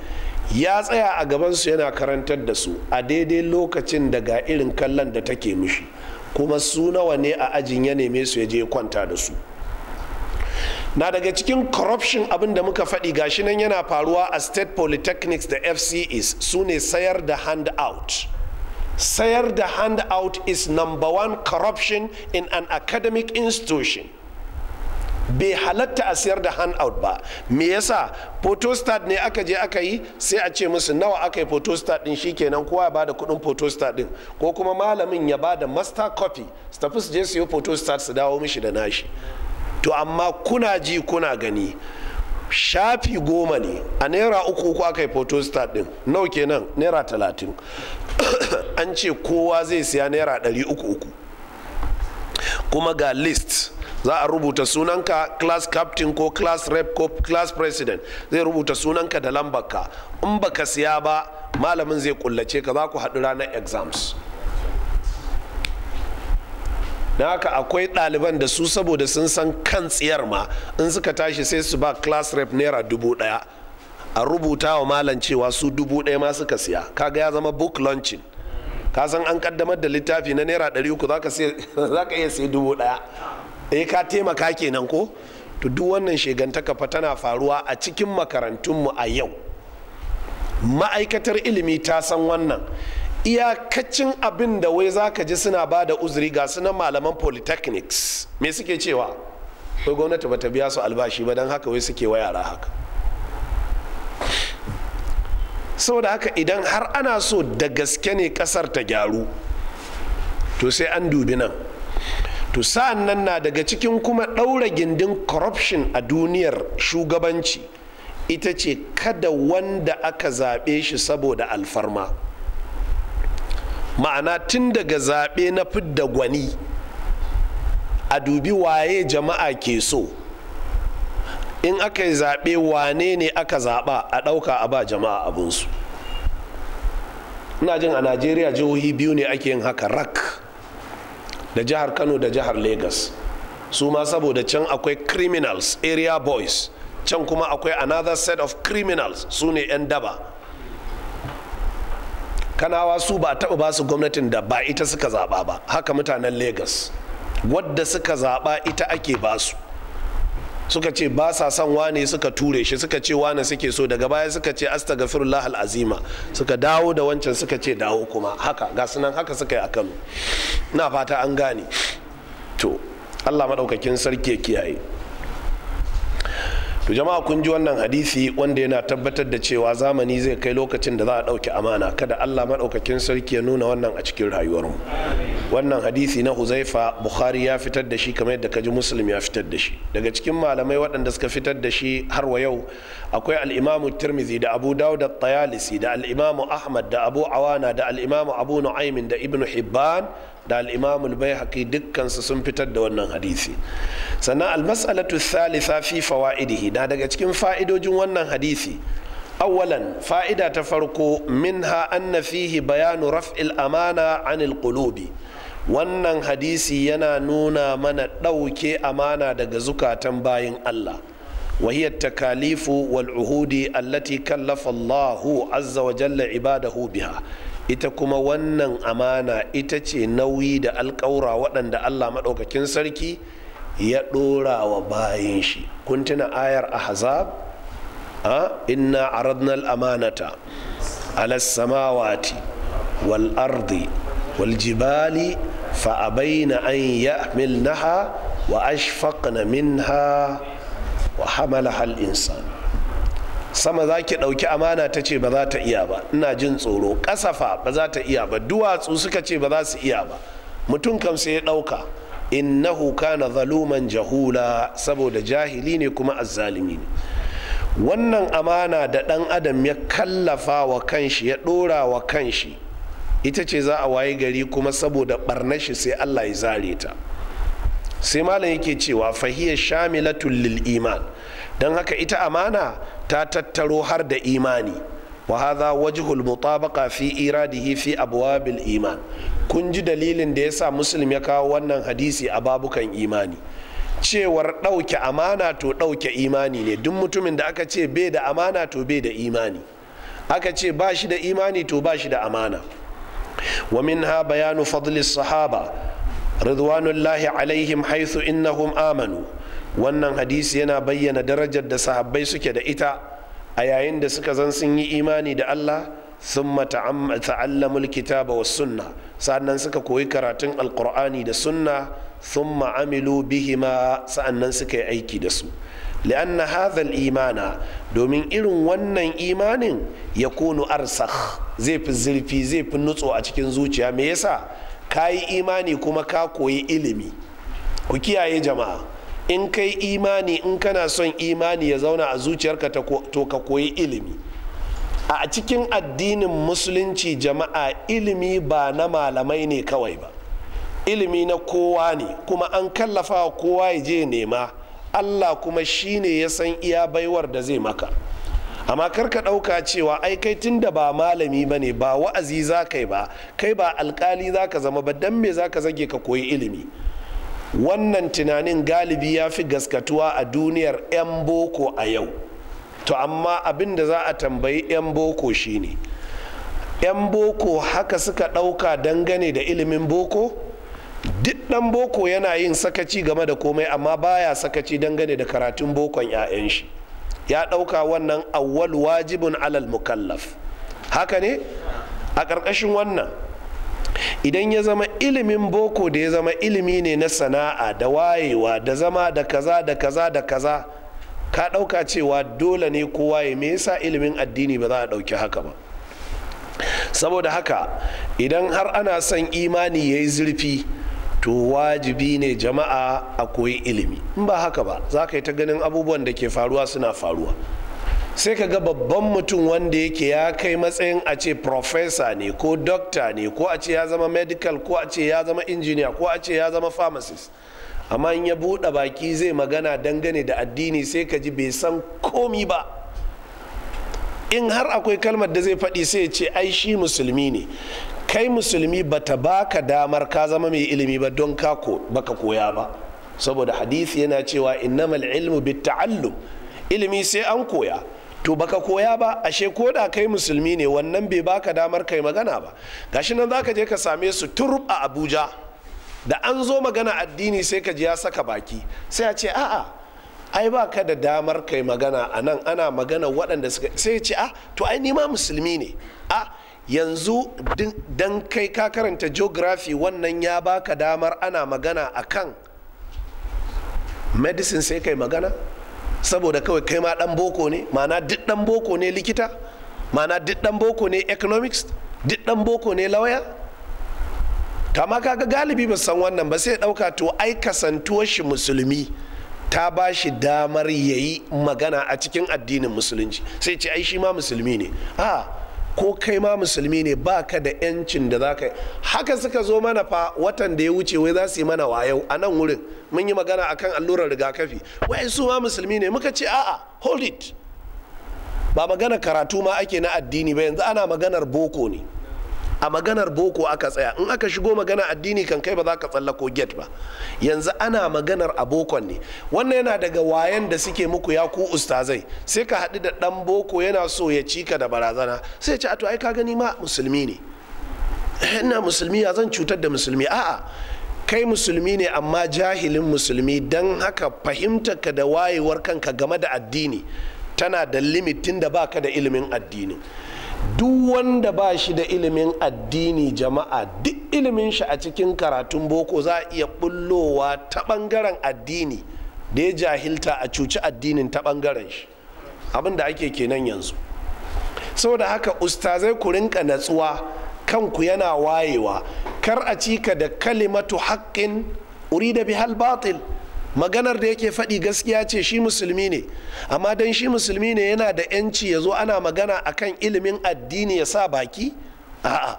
ya tsaya a gabansu yana karantar da su a daidai lokacin daga irin kallon da take mishi kuma su nawa ne a ajin ya neme su ya je kwanta da su na daga cikin corruption abin da muka faɗi gashi nan yana faruwa a state polytechnics da fces su ne sayar da hand out sayar da hand out is number one corruption in an academic institution bai halatta a sayar da out ba me yasa photostat ne aka je aka yi sai a ce musu nawa aka yi photostat din shikenan kowa ya bada kudin photostat din ko kuma malamin ya bada master copy su tafi su je su yi photostat su dawo mishi da nashi to amma kuna ji kuna gani shafi goma ne a naira uku uku aka yi photostat din nau kenan naira talatin [coughs] an ce kowa zai siya naira ɗari uku uku kuma ga list za a rubuta sunanka class captain ko class rep ko class president zai rubuta sunanka da lambarka in baka siya ba malamin zai kullace ka za ku haɗu ranar exams na haka akwai ɗaliban da su saboda sun san kan tsiyar ma in suka tashi sai su ba class rep naira dubu ɗaya a rubuta wa malam cewa su dubu ɗaya ma suka siya kaga ya zama book launching ka san an kaddamar da littafi na naira ɗari uku za ka [laughs] iya sai dubu ɗaya eh ka taimaka kenan ko to duk wannan shegantaka fa tana faruwa a cikin makarantunmu a yau ma'aikatar ilimi ta san wannan iyakacin abin da wai za ka ji suna ba da uzuri ga sunan malaman polytechnics me suke cewa wai gwamnati ba ta biya su albashi ba don haka wai suke wa yara haka saboda haka idan har ana so da gaske ne kasar ta gyaru to sai an dubi nan to sa'an nan na daga cikin kuma ɗaura gindin corruption a duniyar shugabanci ita ce kada wanda aka zaɓe shi saboda alfarma ma'ana tun daga zaɓe na fidda gwani a dubi waye jama'a ke so in aka yi zaɓe wane ne aka zaɓa a ɗauka a ba jama'a abinsu ina jin a najeriya jihohi biyu ne ake yin haka rak da jihar kano da jihar lagos su ma saboda can akwai criminals area boys can kuma akwai another set of criminals su ne 'yan daba kanawa su ba taɓa ba su gwamnatin da ba ita suka zaɓa ba haka mutanen lagos wadda suka zaɓa ita ake ba su suka ce ba sa son wane suka ture shi suka ce wane suke so daga baya suka ce astaghfirullah al'azima suka dawo da wancan suka ce dawo kuma haka ga nan haka suka yi a Kano na fata an gane to Allah madaukakin sarki ya kiyaye to jama'a kun ji wannan hadisi wanda yana tabbatar da cewa zamani zai kai lokacin da za a ɗauki amana kada allah maɗaukakin sarki ya nuna wannan a cikin rayuwarmu wannan hadisi na huzaifa bukhari ya fitar da shi kamar yadda kaji muslim ya fitar da shi daga cikin malamai waɗanda suka fitar da shi har wa yau akwai al'imamu tirmizi da abu dawud da tayalisi da al'imamu ahmad da abu awana da al'imamu abu nu'aymin da ibnu hibban da al-imam al dukkansu sun fitar da wannan hadisi sannan al-mas'alatu thalitha fi fawaidihi na daga cikin fa'idojin wannan hadisi awwalan fa'ida ta farko minha anna fihi bayanu raf'il amana anil qulubi wannan hadisi yana nuna mana ɗauke amana daga zukatan bayin Allah وهي التكاليف والعهود التي كلف الله عز وجل عباده بها ita kuma wannan amana ita ce nauyi da alƙaura waɗanda allah maɗaukakin sarki ya ɗora wa bayan shi kun tuna ayar ahzab a inna aradna amanata ala samawati wal ardi wal jibali fa abaina an yahmilnaha wa ashfaqna minha wa hamalaha al insan sama za ki ɗauki amana ta ce ba za ta iya ba ina jin tsoro ƙasafa ba za ta iya ba duwatsu suka ce ba za su iya ba mutum kam sai ya ɗauka innahu kana zaluman jahula saboda jahili ne kuma azzalimi ne wannan amana da ɗan adam ya kallafa wa kanshi ya ɗora wa kanshi ita ce za a wayi gari kuma saboda ɓarnar sai allah ya zare ta sai malam yake cewa fahiyar shamilatul lil iman don haka ita amana ta tattaro har da imani wa hadha wajhul mutabaqa fi iradihi fi abwabil iman kun ji dalilin da yasa muslim ya kawo wannan hadisi a babukan imani cewar ɗauke amana to ɗauke imani ne duk mutumin da aka ce bai da amana to bai da imani aka ce ba shi da imani to ba shi da amana wa minha bayanu fadlis sahaba ridwanullahi alaihim haithu innahum amanu wannan hadisi yana bayyana darajar da sahabbai suke da ita a yayin da suka zan sun yi imani da Allah sun ta'allamul kitaba wa sunna sa'annan suka koyi karatun alkur'ani da sunna sun ma'amilu bihima sa'annan suka yi aiki da su li'anna hazal imana domin irin wannan imanin ya kunu arsakh zai fi zurfi zai fi nutso a cikin zuciya me yasa ka yi imani kuma ka koyi ilimi ku kiyaye jama'a in kai imani in kana son imani ya zauna a zuciyarka to ka koyi ilimi a cikin addinin musulunci jama'a ilimi ba na malamai ne kawai ba ilimi na kowa ne kuma an kallafa kowa ya je nema allah kuma shine ya san iya baiwar da zai maka amma karka ɗauka cewa ai kai tun da ba malami ba ne ba wa'azi za kai ba kai ba alkali za ka zama ba don me za ka zage ka koyi ilimi wannan tunanin galibi ya fi gaskatuwa a duniyar 'yan boko a yau to amma abin da za a tambayi 'yan boko shine 'yan boko haka suka ɗauka dangane da ilimin boko duk ɗan boko yana yin sakaci game da komai amma baya sakaci dangane da karatun bokon 'ya'yan shi ya ɗauka wannan awwal wajibin alal mukallaf haka ne a ƙarƙashin wannan idan ya zama ilimin boko da ya zama ilimi ne na sana'a da wayewa da zama da kaza da kaza da kaza ka ɗauka cewa dole ne kowa ya me yasa ilimin addini ba za a ɗauki haka ba saboda haka idan har ana son imani ya yi zurfi to wajibi ne jama'a a koyi ilimi in ba haka ba za ka yi ta ganin abubuwan da ke faruwa suna faruwa sai ka ga babban mutum wanda yake ya kai matsayin a ce profesa ne ko dokta ne ko a ce ya zama medical ko a ce ya zama injiniya ko a ce ya zama pharmacist amma in ya buɗe baki zai magana dangane da addini sai ka ji bai san komi ba in har akwai kalmar da zai faɗi sai ce ai shi musulmi ne kai musulmi bata baka damar ka zama mai ilimi ba don ka baka koya ba saboda hadisi yana cewa innamal ilmu bit ta'allum ilimi sai an koya to baka koya ba ashe ko da kai musulmi ne wannan bai baka damar kai magana ba gashi nan zaka je ka same su turub a abuja da an zo magana addini sai ka ji ya saka baki sai a ce a'a ai ba ka da damar kai magana a nan ana magana waɗanda suka sai ya ce a ah, to ai nima musulmi ne a ah, yanzu dan kai ka karanta geography wannan ya baka damar ana magana akan medicine sai kai magana saboda kawai kai ma dan boko ne ma'ana duk dan boko ne likita ma'ana duk dan boko ne economics duk dan boko ne lawyer kama kaga galibi ba san wannan ba sai dauka to ai kasantuwar shi musulmi ta ba shi damar yayi magana a cikin addinin musulunci sai ce ai shi ma musulmi ne a ko kai ma musulmi ne ba ka da yancin da za ka yi haka suka zo mana fa watan da ya wuce wai za su yi mana wayau a nan wurin mun yi magana a kan allurar rigakafi wai su ma musulmi ne muka ce a'a hold it ba magana karatu ma ake na addini ba yanzu ana maganar boko ne a maganar boko aka tsaya in aka shigo magana addini kan kai ba za ka tsallako get ba yanzu ana maganar abokon ne wannan yana daga wayan da suke muku ya ku ustazai sai ka haɗu da ɗan boko yana so ya cika da barazana sai ya ci ato ai ka gani ma musulmi ne eh, ina musulmi ya zan cutar da musulmi a'a kai musulmi ne amma jahilin musulmi don haka fahimtarka da wayewar kanka game da addini tana da limitin da baka da ilimin addini. duk wanda ba shi da ilimin addini jama'a duk ilimin shi a cikin karatun boko za a iya bullowa ta bangaren addini da ya jahilta a cuci addinin ta bangaren shi abin da ake kenan yanzu saboda haka ustazai ku rinka natsuwa kanku yana wayewa kar a cika da kalimatu haƙƙin urida bihal batil maganar da yake faɗi gaskiya ce shi musulmi ne amma don shi musulmi ne yana da 'yanci ya zo ana magana akan ilimin addini ya sa baki a'a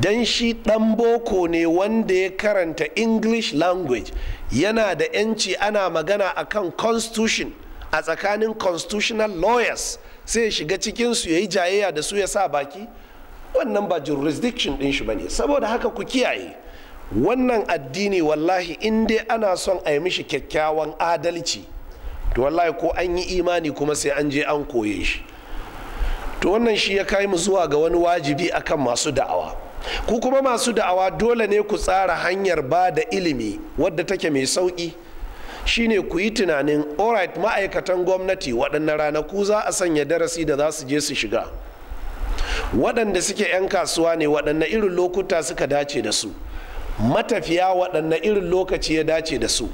don shi ɗan boko ne wanda ya karanta english language yana da 'yanci ana magana akan constitution a tsakanin constitutional lawyers sai ya shiga cikinsu ya yi jayayya da su ya sa baki wannan ba jurisdiction ɗin shi ba ne saboda haka ku kiyaye wannan addini wallahi in dai ana son a yi mishi kyakkyawan adalci to wallahi ko an yi imani kuma sai an je an koye shi to wannan shi ya kai mu zuwa ga wani wajibi akan masu da'awa ku kuma masu da'awa dole ne ku tsara hanyar ba da ilimi wadda take mai sauƙi shine ku yi tunanin alright ma'aikatan gwamnati waɗanne ranaku za a sanya darasi da za su je su shiga waɗanda suke 'yan kasuwa ne waɗanne irin lokuta suka dace da su matafiya waɗanne irin lokaci ya dace da su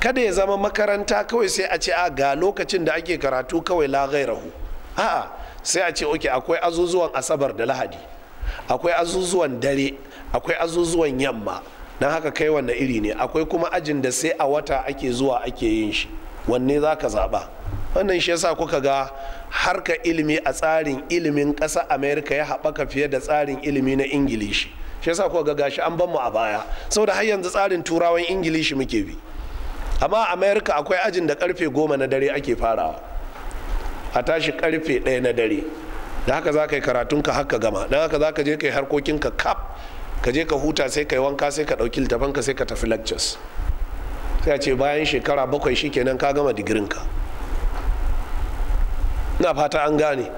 kada ya zama makaranta kawai sai a ce a ga lokacin da ake karatu kawai lagai rahu a'a sai a ce oke akwai azuzuwan asabar da lahadi akwai azuzuwan dare akwai azuzuwan yamma don haka kai wanne iri ne akwai kuma ajin da sai a wata ake zuwa ake yin shi wanne za ka zaɓa wannan shi yasa kuka ga harka ilimi a tsarin ilimin ƙasa amerika ya haɓaka fiye da tsarin ilimi na ingilishi shi yasa kuwa ga gashi an ban mu a baya saboda har yanzu tsarin turawan ingilishi muke bi amma a america akwai ajin da karfe goma na dare ake farawa a tashi karfe ɗaya na dare da haka za ka yi karatunka haka gama da haka za ka je ka yi harkokinka kap ka je ka huta sai ka yi wanka sai ka ɗauki littafanka sai ka tafi lectures sai a ce bayan shekara bakwai shikenan ka gama digirin ka ina fata an gane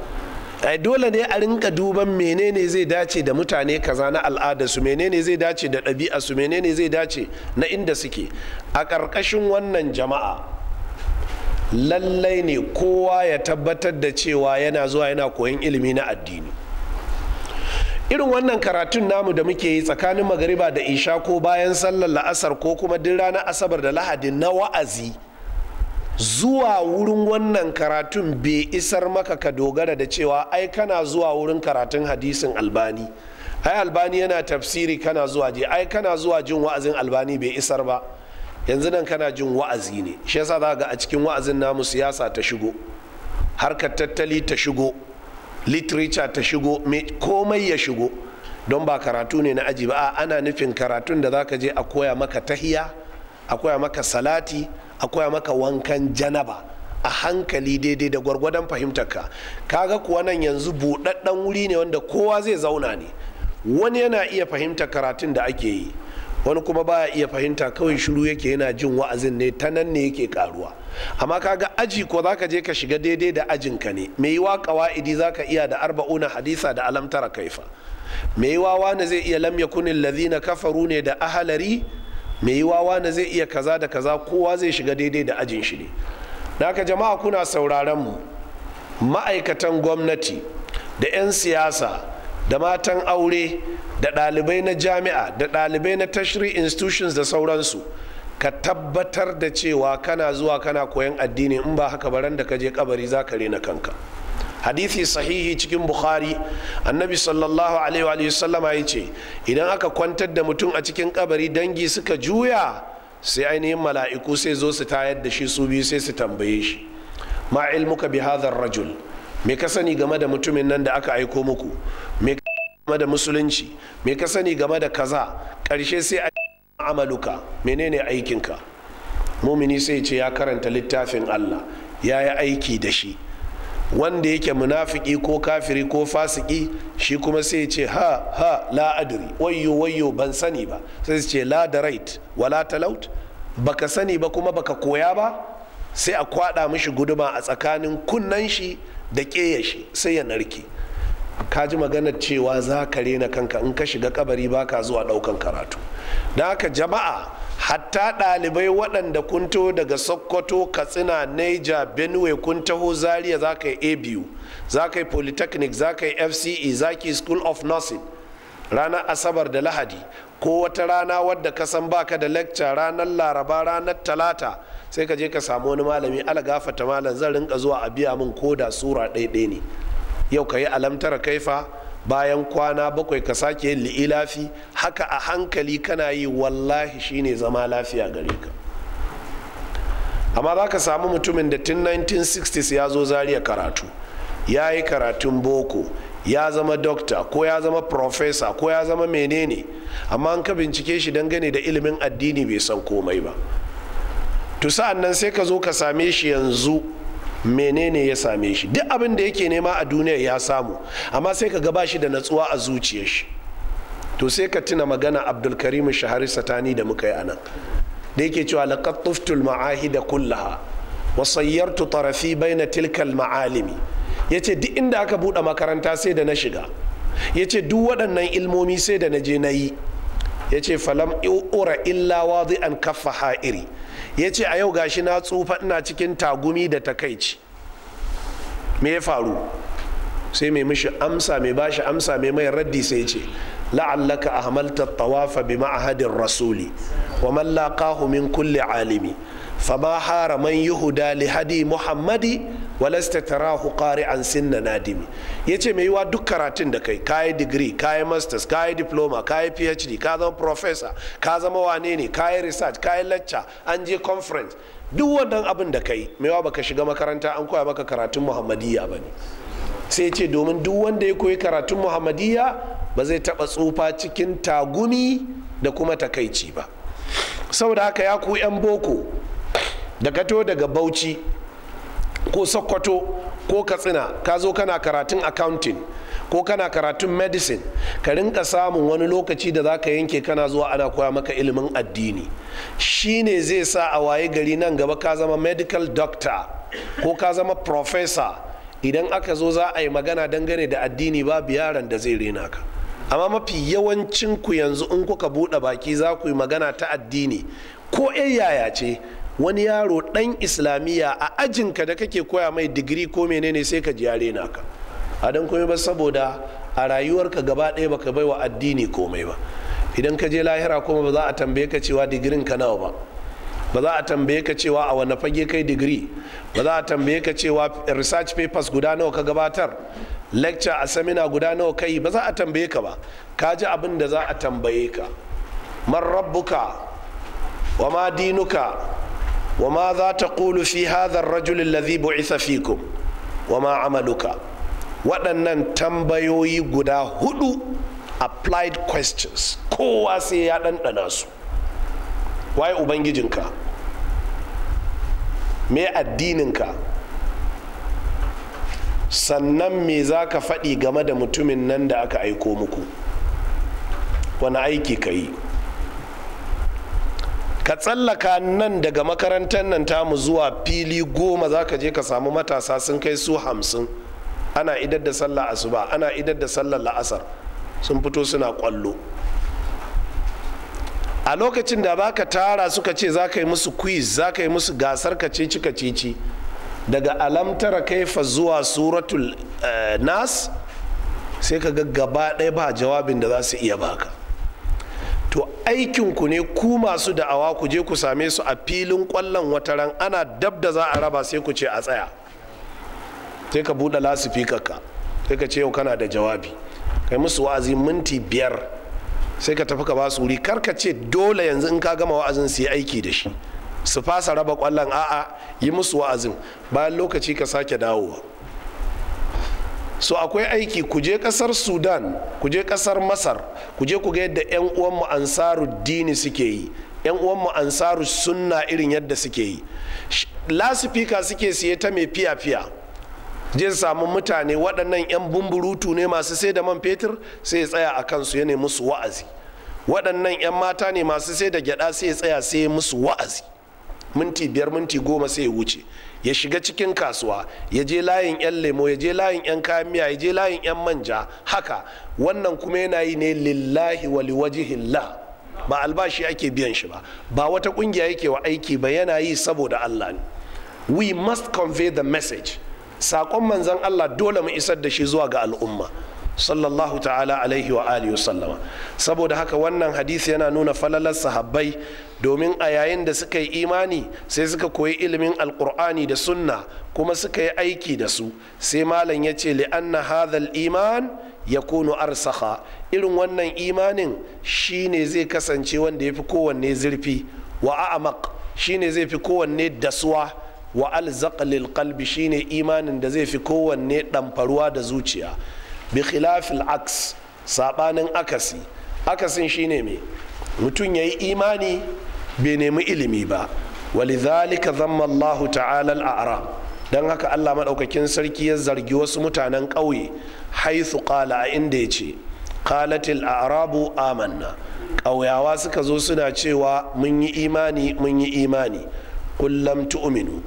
ai eh, dole ne a rinka duban menene zai dace da mutane kaza na al'ada su menene zai dace da ɗabi'a su menene zai dace na inda suke a ƙarƙashin wannan jama'a lallai ne kowa ya tabbatar da cewa yana zuwa yana koyon ilimi na addini irin wannan karatun namu da muke yi tsakanin magariba da isha ko bayan sallar la'asar ko kuma duk ranar asabar da lahadi na wa'azi zuwa wurin wannan karatun bai isar maka ka dogara da cewa ai kana zuwa wurin karatun hadisin albani ai albani yana tafsiri kana zuwa je ai kana zuwa jin wa'azin albani bai isar ba yanzu nan kana jin wa'azi ne shi yasa za ga a cikin wa'azin namu siyasa ta shigo harkar tattali ta shigo literature ta shigo komai ya shigo don ba karatu ne na aji ba ana nufin karatun da za ka je a koya maka tahiya a koya maka salati a koya maka wankan janaba a hankali daidai da gwargwadon ka kaga kuwa nan yanzu buɗaɗɗen wuri ne wanda kowa zai zauna ne wani yana iya fahimtar karatun da ake yi wani kuma baya iya fahimta kawai shiru yake yana jin wa'azin ne ta nan ne yake karuwa amma kaga aji ko zaka je ka shiga daidai da ajinka ne mai yiwa kawa'idi zaka iya da arba'una hadisa da alamtara kaifa mai yiwa wani zai iya lam yakunil ladina kafaru ne da ahalari mai wawa wani zai iya kaza da kaza kowa zai shiga daidai da ajin shi ne naka jama'a kuna sauraron mu ma'aikatan gwamnati da 'yan siyasa da matan aure da ɗalibai na jami'a da ɗalibai na tashri institutions da sauransu ka tabbatar da cewa kana zuwa kana koyan addini in ba haka baran da ka je kabari za ka rena kanka hadithi sahihi cikin bukhari annabi sallallahu alaihi wa sallama ya ce idan aka kwantar da mutum a cikin kabari dangi suka juya sai ainihin mala'iku sai zo su tayar da shi su biyu sai su tambaye shi ma ilmuka bi hadhar rajul me ka sani game da mutumin nan da aka aiko muku me ka sani game da musulunci me ka sani game da kaza karshe sai a amaluka menene aikinka mumini sai ce ya karanta littafin Allah ya yi aiki da shi wanda yake munafiki ko kafiri ko fasiki shi kuma sai ce ha ha la adri wayo wayo ban sani ba sai ce la da right wala talaut baka sani ba kuma baka koya ba sai a kwada mishi guduma a tsakanin kunnan shi da ya shi sai ya narke ka ji maganar cewa za ka rena kanka in ka shiga kabari baka zuwa daukan karatu da haka jama'a hatta ɗalibai waɗanda kun taho daga sokoto katsina niger benue kun taho zaria za ka yi abu za ka yi polytechnic za ka yi fce za ka yi school of nursing ranar asabar da lahadi ko wata rana wadda ka san baka da lecture ranar laraba ranar talata sai ka je ka samu wani malami ala gafata malam zan rinka zuwa a biya min ko da sura ɗaiɗai ne yau ka yi alamtara kaifa bayan kwana bakwai ka sake yin li'ilafi haka a hankali kana yi wallahi shine zama lafiya gare ka amma za ka samu mutumin da tun 1960s ya zo zariya karatu ya yi karatun boko ya zama dokta ko ya zama profesa ko ya zama menene amma an ka bincike shi dangane da ilimin addini bai san komai ba to sa'an nan sai ka zo ka same shi yanzu menene ya same shi duk abin da yake nema a duniya ya samu amma sai ka gaba shi da natsuwa a zuciyar shi to sai ka tuna magana abdulkarim shahari satani da muka yi a nan da yake cewa laqad tuftul ma'ahida kullaha wa sayyartu tarafi baina tilkal ma'alimi yace duk inda aka buɗe makaranta sai da na shiga yace duk waɗannan ilmomi sai da na je na yi yace falam ura illa wadi an kaffa ha'iri ya ce a yau gashi na tsufa ina cikin tagumi da takaici me ya faru sai mai mishi amsa mai bashi amsa mai mai raddi sai ce la'allaka ahmalta tawafa bi ma'ahadin rasuli wa man laqahu min kulli alimi ba haraman yuhuda li hadi muhammadi walasta tarahu an sinna nadimi yace mai yiwa duk karatun da kai kayi digiri kayi masters kayi diploma kayi phd ka zama professor ka zama wane ne kayi research kayi lecture an je conference duk wannan abin da kai mai yiwa baka shiga makaranta an koya maka karatun muhammadiyya ba ne sai ce domin duk wanda ya koyi karatun muhammadiyya ba zai taba tsufa cikin tagumi da kuma takaici ba saboda haka ya ku 'yan boko da ka daga bauchi ko sokoto ko katsina ka zo kana karatun accounting ko kana karatun medicine ka rinka samun wani lokaci da za ka yanke kana zuwa ana koya maka ilimin addini shi ne zai sa a waye gari nan gaba ka zama medical doctor ko ka zama professor idan aka zo za a yi magana dangane da addini babu yaron da zai rena ka amma mafi yawancin ku yanzu in kuka buɗe baki za ku yi magana ta addini ko yaya ce wani yaro ɗan islamiyya a ajinka da kake koya mai digiri ko menene sai ka jiyare naka a don komai ba saboda a rayuwarka gaba ɗaya baka bai wa addini komai ba idan ka je lahira kuma ba za a tambaye ka cewa digirin ka nawa ba ba za a tambaye ka cewa a wani fage kai digiri ba za a tambaye ka cewa research papers guda nawa ka gabatar lecture a samina guda nawa kai ba za a tambaye ka ba ka ji abin da za a tambaye ka man rabbuka wa ma dinuka wa ma za ta ƙulu fi hadhar rajul allazi bu'itha waɗannan tambayoyi guda hudu applied questions kowa sai ya ɗanɗana su waye ubangijinka me addininka sannan me za ka faɗi game da mutumin nan da aka aiko muku wani aiki ka yi ka tsallaka nan daga makarantar nan tamu zuwa fili goma za ka je ka samu matasa sun kai su hamsin ana idar da sallah asuba ana idar da sallar la'asar sun fito suna kwallo a lokacin da baka tara suka ce za ka yi musu quiz za ka yi musu gasar kacici kacici daga alamtara kaifa zuwa suratul eh, nas sai ka ga gaba ɗaya ba jawabin da za su iya baka to aikinku ne ku masu da'awa ku je ku same su a filin kwallon ran ana dab da za a raba sai ku ce a tsaya sai ka buɗe lasifikarka sai ka ce yau kana da jawabi kai musu wa'azi minti biyar sai ka tafi ka ba su wuri kar ka ce dole yanzu in ka gama wa'azin su yi aiki da shi su fasa raba kwallon a'a yi musu wa'azin bayan lokaci ka sake dawowa so akwai aiki ku je kasar sudan ku je kasar masar ku je ku ga yadda 'yan uwanmu ansaru dini suke yi 'yan uwanmu ansaru sunna irin yadda suke yi lasifika suke siye ta mai fiya-fiya je samu mutane waɗannan 'yan bumburutu ne masu sai da man fetur sai tsaya a kansu ya musu wa'azi waɗannan 'yan mata ne masu sai da gyada sai tsaya sai musu wa'azi minti biyar minti goma sai ya wuce ya shiga cikin kasuwa ya je layin 'yan lemo ya je layin 'yan kayan miya ya je layin 'yan manja haka wannan kuma yana yi ne lillahi wa liwajihillah ba albashi ake biyan shi ba ba wata kungiya yake wa aiki ba yana yi saboda Allah ne we must convey the message saƙon manzan Allah dole mu isar da shi zuwa ga al'umma sallallahu ta'ala alaihi wa alihi sallama saboda haka wannan hadisi yana nuna falalar sahabbai domin a yayin da suka yi imani sai suka koyi ilimin alkur'ani da sunna kuma suka yi aiki da su sai malam ya ce li'anna hadhal iman ya kunu arsaha irin wannan imanin shine zai kasance wanda ya fi kowanne zurfi wa a'amaq shine zai fi kowanne dasuwa wa alzaq lil qalbi shine imanin da zai fi kowanne ɗamfaruwa da zuciya bi khilafil aks sabanin akasi akasin shine me mutum yayi imani bai nemi ilimi ba walidhalika zamma Allah ta'ala al-a'rab dan haka Allah maɗaukakin sarki ya zargi wasu mutanen ƙauye haithu qala a inda yace qalatil a'rabu amanna ƙauyawa suka zo suna cewa mun yi imani mun yi imani kullum tu'minu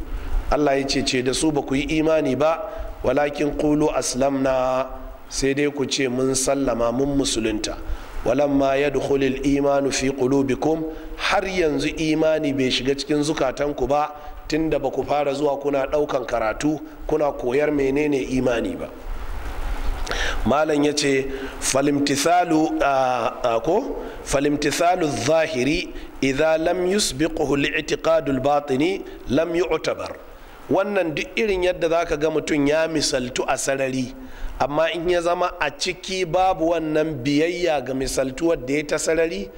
Allah ya ce ce da su ba ku yi imani ba walakin qulu aslamna sai dai ku ce mun sallama mun musulunta walamma ya dukhulil imanu fi qulubikum har yanzu imani bai shiga cikin zukatanku ba tunda ba ku fara zuwa kuna ɗaukan karatu kuna koyar menene imani ba malam ya ce falimtisalu zahiri idza lam yusbiquhu li'tiqadul batini lam yu'tabar wannan duk irin yadda zaka ga mutum ya misaltu a sarari amma in ya zama a ciki babu wannan biyayya ga misaltuwar da ya ta sarari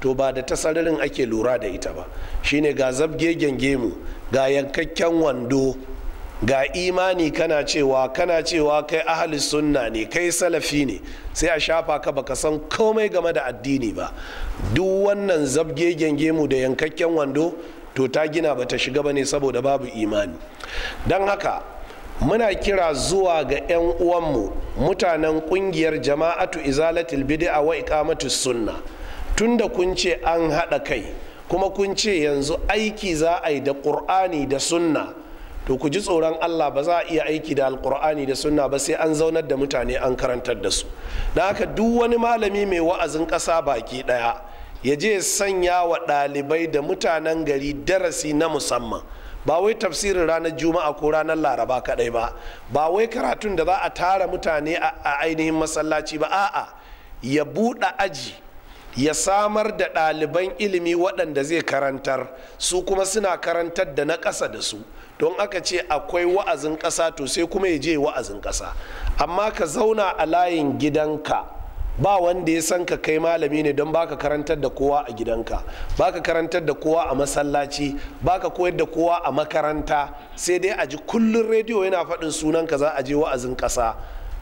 to ba da ta ake lura da ita ba shine ga zabgegen gemu ga yankakken wando ga imani kana cewa kana cewa kai ahli sunna ne kai salafi ne sai a shafa ka baka san komai game da addini ba duk wannan zabgegen gemu da yankakken wando to ta gina ba ta shiga ba ne saboda babu imani don haka muna kira zuwa ga 'yan uwanmu mutanen kungiyar jama'atu izalatul bid'a wa iqamatus sunna tunda kun ce an haɗa kai kuma kun ce yanzu aiki za a yi da ƙur'ani da sunna to ku ji tsoron Allah ba za a iya aiki da alqur'ani da sunna ba sai an zaunar da mutane an karantar da su da haka duk wani malami mai wa'azin ƙasa baki ɗaya ya je sanya wa ɗalibai da mutanen gari darasi na musamman ba wai tafsirin ranar juma'a ko ranar laraba kadai ba ba wai karatun da za a tara mutane a ainihin masallaci ba a'a ya buɗe aji ya samar da ɗaliban ilimi waɗanda zai karantar su kuma suna karantar da na ƙasa da su don aka ce akwai wa'azin ƙasa to sai kuma ya je wa'azin ƙasa amma ka zauna a layin gidanka ba wanda ya san ka kai malami ne don baka karantar da kowa a gidanka baka karantar da kowa a masallaci baka koyar da kowa a makaranta sai dai a ji kullun rediyo yana faɗin sunan ka za a je wa'azin ƙasa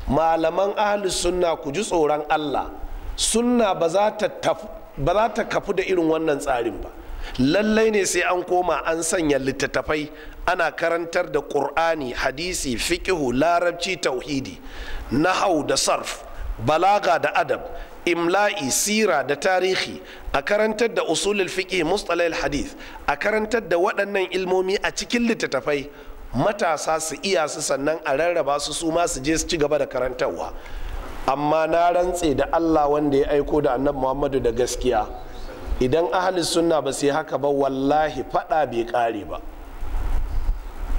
malaman ahli sunna ku ji tsoron Allah sunna ba za ta kafu da irin wannan tsarin ba lallai ne sai an koma an sanya littattafai ana karantar da ƙur'ani hadisi fikihu larabci tauhidi nahau da sarf balaga da adab imla'i sira da tarihi a karantar da usulul fiqh mustalahil hadith a karantar da waɗannan ilmomi a cikin littattafai matasa su iya su sannan a rarraba su su ma su je su ci gaba da karantarwa amma na rantse da Allah wanda ya aiko da annabi Muhammadu da gaskiya idan ahli sunna ba sai haka ba wallahi fada bai kare ba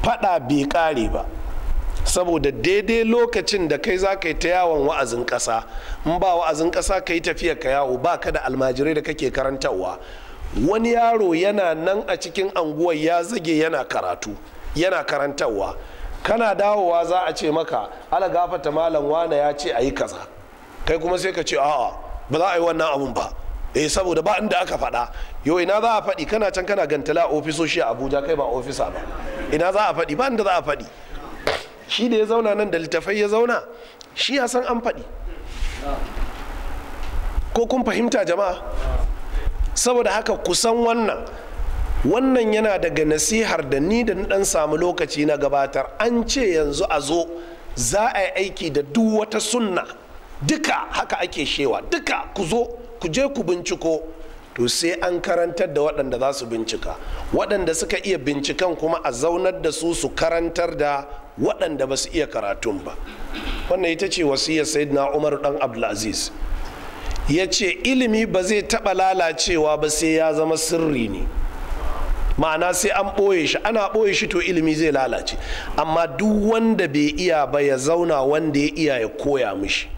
fada bai kare ba saboda daidai lokacin da kai za ka yi ta yawon wa'azin ƙasa in ba wa'azin ƙasa ka yi tafiya ka yawo ba ka da almajirai da kake karantarwa wani yaro yana nan a cikin anguwar ya zage yana karatu yana karantarwa kana dawowa za a ce maka ala gafata malam wana ya ce a yi kaza kai kuma sai ka ce a'a ba za a yi wannan abun ba eh saboda ba inda aka faɗa yo ina za a faɗi kana can kana gantala ofisoshi a abuja kai ba ofisa ba ina za a faɗi ba inda za a faɗi shi da ya zauna nan da littafai ya zauna shi ya san an faɗi ko kun fahimta jama'a saboda haka kusan wannan wannan yana daga nasihar da ni da dan samu lokaci na gabatar an ce yanzu a zo za a yi aiki da duk wata sunna duka haka ake shewa duka ku zo ku je ku binciko to sai an karantar da waɗanda za su bincika waɗanda suka iya binciken kuma a zaunar da su su karantar da waɗanda ba su iya karatun ba wannan ita ce wasiyar sayyidina umar dan abdulaziz ya ce ilimi ba zai taɓa lalacewa ba sai ya zama sirri ne ma'ana sai an ɓoye shi ana ɓoye shi to ilimi zai lalace amma duk wanda bai iya ba ya zauna wanda ya iya ya koya mishi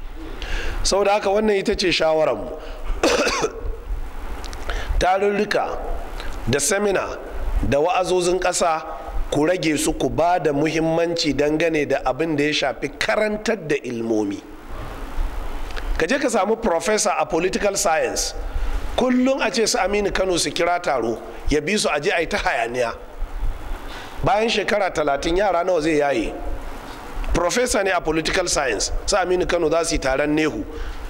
saboda haka wannan ita ce shawararmu [coughs] tarurruka da semina da wa'azozin ƙasa ku rage su ku ba da muhimmanci dangane da abin da ya shafi karantar da ilmomi ka je ka samu professor a political science kullum a ce su aminu kano su kira taro ya bi su a je a yi ta hayaniya bayan shekara talatin yara nawa zai yaye professor ne a political science su aminu kano za su yi taron nehu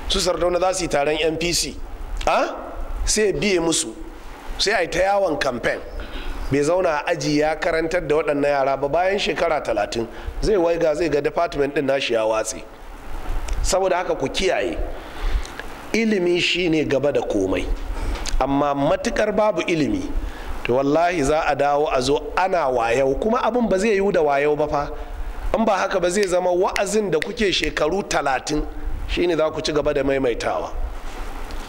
su sardauna za su yi taron npc ah? sai biye musu sai a yi ta yawon campaign bai zauna a aji ya karantar da waɗannan yara ba bayan shekara talatin zai waiga zai ga department ɗin nashi ya watse saboda haka ku kiyaye ilimi shine gaba da komai amma matukar babu ilimi to wallahi za a dawo a zo ana wayau kuma abin ba zai yiwu da wayau ba fa in ba haka ba zai zama wa'azin da kuke shekaru talatin shine za ku ci gaba da maimaitawa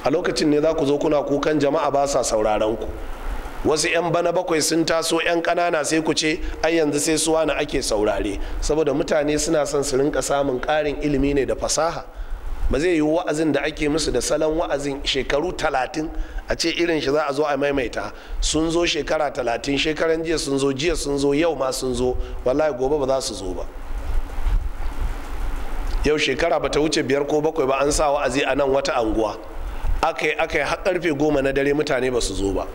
a lokacin ne za ku zo kuna kukan jama'a ba sa sauraron ku wasu 'yan bana bakwai sun taso 'yan ƙanana sai ku ce ai yanzu sai su wani ake saurare saboda mutane suna son su rinka samun ƙarin ilimi ne da fasaha ba zai yi wa'azin da ake musu da salon wa'azin shekaru talatin a ce irin shi za a zo a maimaita sun zo shekara talatin shekaran jiya sun zo jiya sun zo yau ma sun zo wallahi gobe ba za su zo ba yau shekara ba ta wuce biyar ko bakwai ba an sa wa'azi a nan wata anguwa aka yi aka har karfe goma na dare mutane ba su zo ba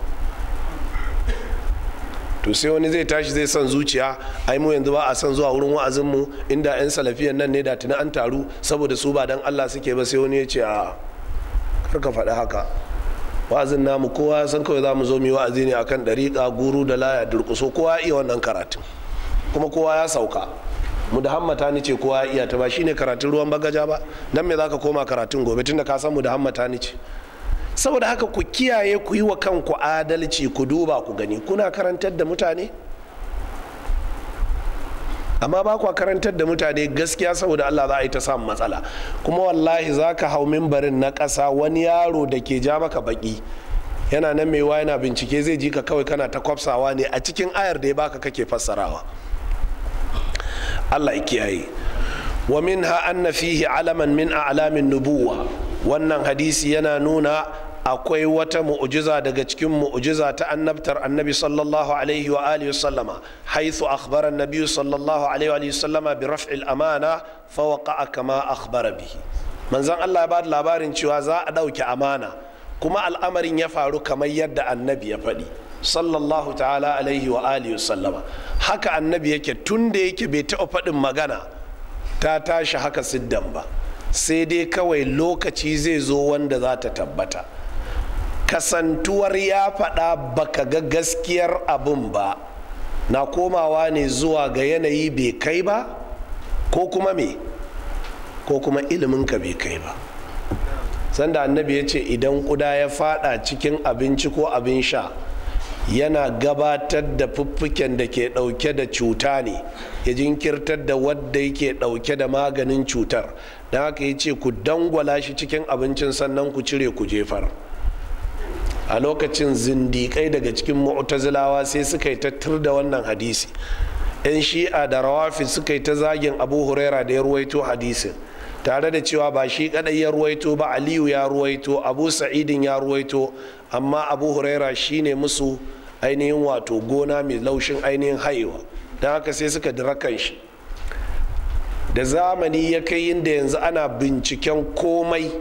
to sai wani zai tashi zai san zuciya ai mu yanzu ba a san zuwa wurin wa'azin mu inda yan salafiyan nan ne da tuni an taru saboda su ba dan Allah suke ba sai wani ya ce a karka faɗi haka wa'azin namu kowa ya san kawai za mu zo mu yi wa'azi ne akan dariƙa guru da laya durƙuso kowa iya wannan karatun kuma kowa ya sauka mu da hammata ni ce kowa iya ta ba shine karatun ruwan bagaja ba nan me zaka koma karatun gobe tunda ka san mu da hammata ni ce saboda haka ku kiyaye ku yi wa kanku adalci ku duba ku gani kuna karantar da mutane amma ba kwa karantar da mutane gaskiya saboda Allah za a yi ta samun matsala kuma wallahi za ka hau mimbarin na ƙasa wani yaro da ke ja maka baƙi yana nan mai wa yana bincike zai ji ka kawai kana ta kwafsawa ne a cikin ayar da ya baka kake fassarawa Allah kiyaye wa minha anna fihi alaman min a'lamin nubuwa wannan hadisi yana nuna akwai wata mu'ujiza daga cikin mu'ujiza ta annabtar annabi sallallahu alaihi wa alihi sallama haithu akhbara annabi sallallahu alaihi wa alihi sallama bi raf'il amana fa waqa'a kama akhbara bihi manzon Allah ya bada labarin cewa za a dauke amana kuma al'amarin ya faru kamar yadda annabi ya faɗi sallallahu ta'ala alaihi wa alihi sallama haka annabi yake tun da yake bai taɓa faɗin magana ta tashi haka siddan ba sai dai kawai lokaci zai zo wanda za ta tabbata kasantuwar ya faɗa baka ga gaskiyar abin ba na komawa ne zuwa ga yanayi bai kai ba ko kuma me ko kuma iliminka bai kai ba sanda annabi ya ce idan kuda ya fada cikin abinci ko abin sha yana gabatar da fuffuken da ke dauke da cuta ne ya jinkirtar da wadda yake dauke da maganin cutar don haka ya ce ku dangwala shi cikin abincin sannan ku cire ku jefar a lokacin zindikai daga cikin mu'tazilawa sai suka yi tattar da wannan hadisi yan shi'a da rawafi suka yi ta zagin abu huraira da ya ruwaito hadisin tare da cewa ba shi kadai ya ruwaito ba aliyu ya ruwaito abu sa'idin ya ruwaito amma abu huraira shine musu ainihin wato gona mai laushin ainihin haiwa don haka sai suka kan shi da zamani ya kai inda yanzu ana binciken komai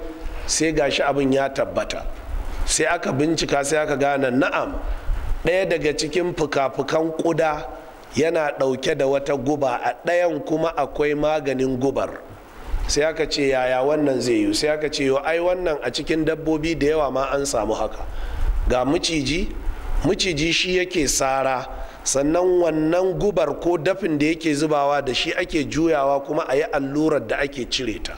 sai gashi abin ya tabbata sai aka bincika sai aka gane na'am ɗaya daga cikin fuka-fukan ƙuda yana ɗauke da wata guba a ɗayan kuma akwai maganin gubar sai aka ce yaya wannan zai yi sai aka ce ai wannan a cikin dabbobi da yawa ma an samu haka ga miciji miciji shi yake sara sannan wannan gubar ko dafin da yake zubawa da shi ake juyawa kuma a yi allurar da ake cire ta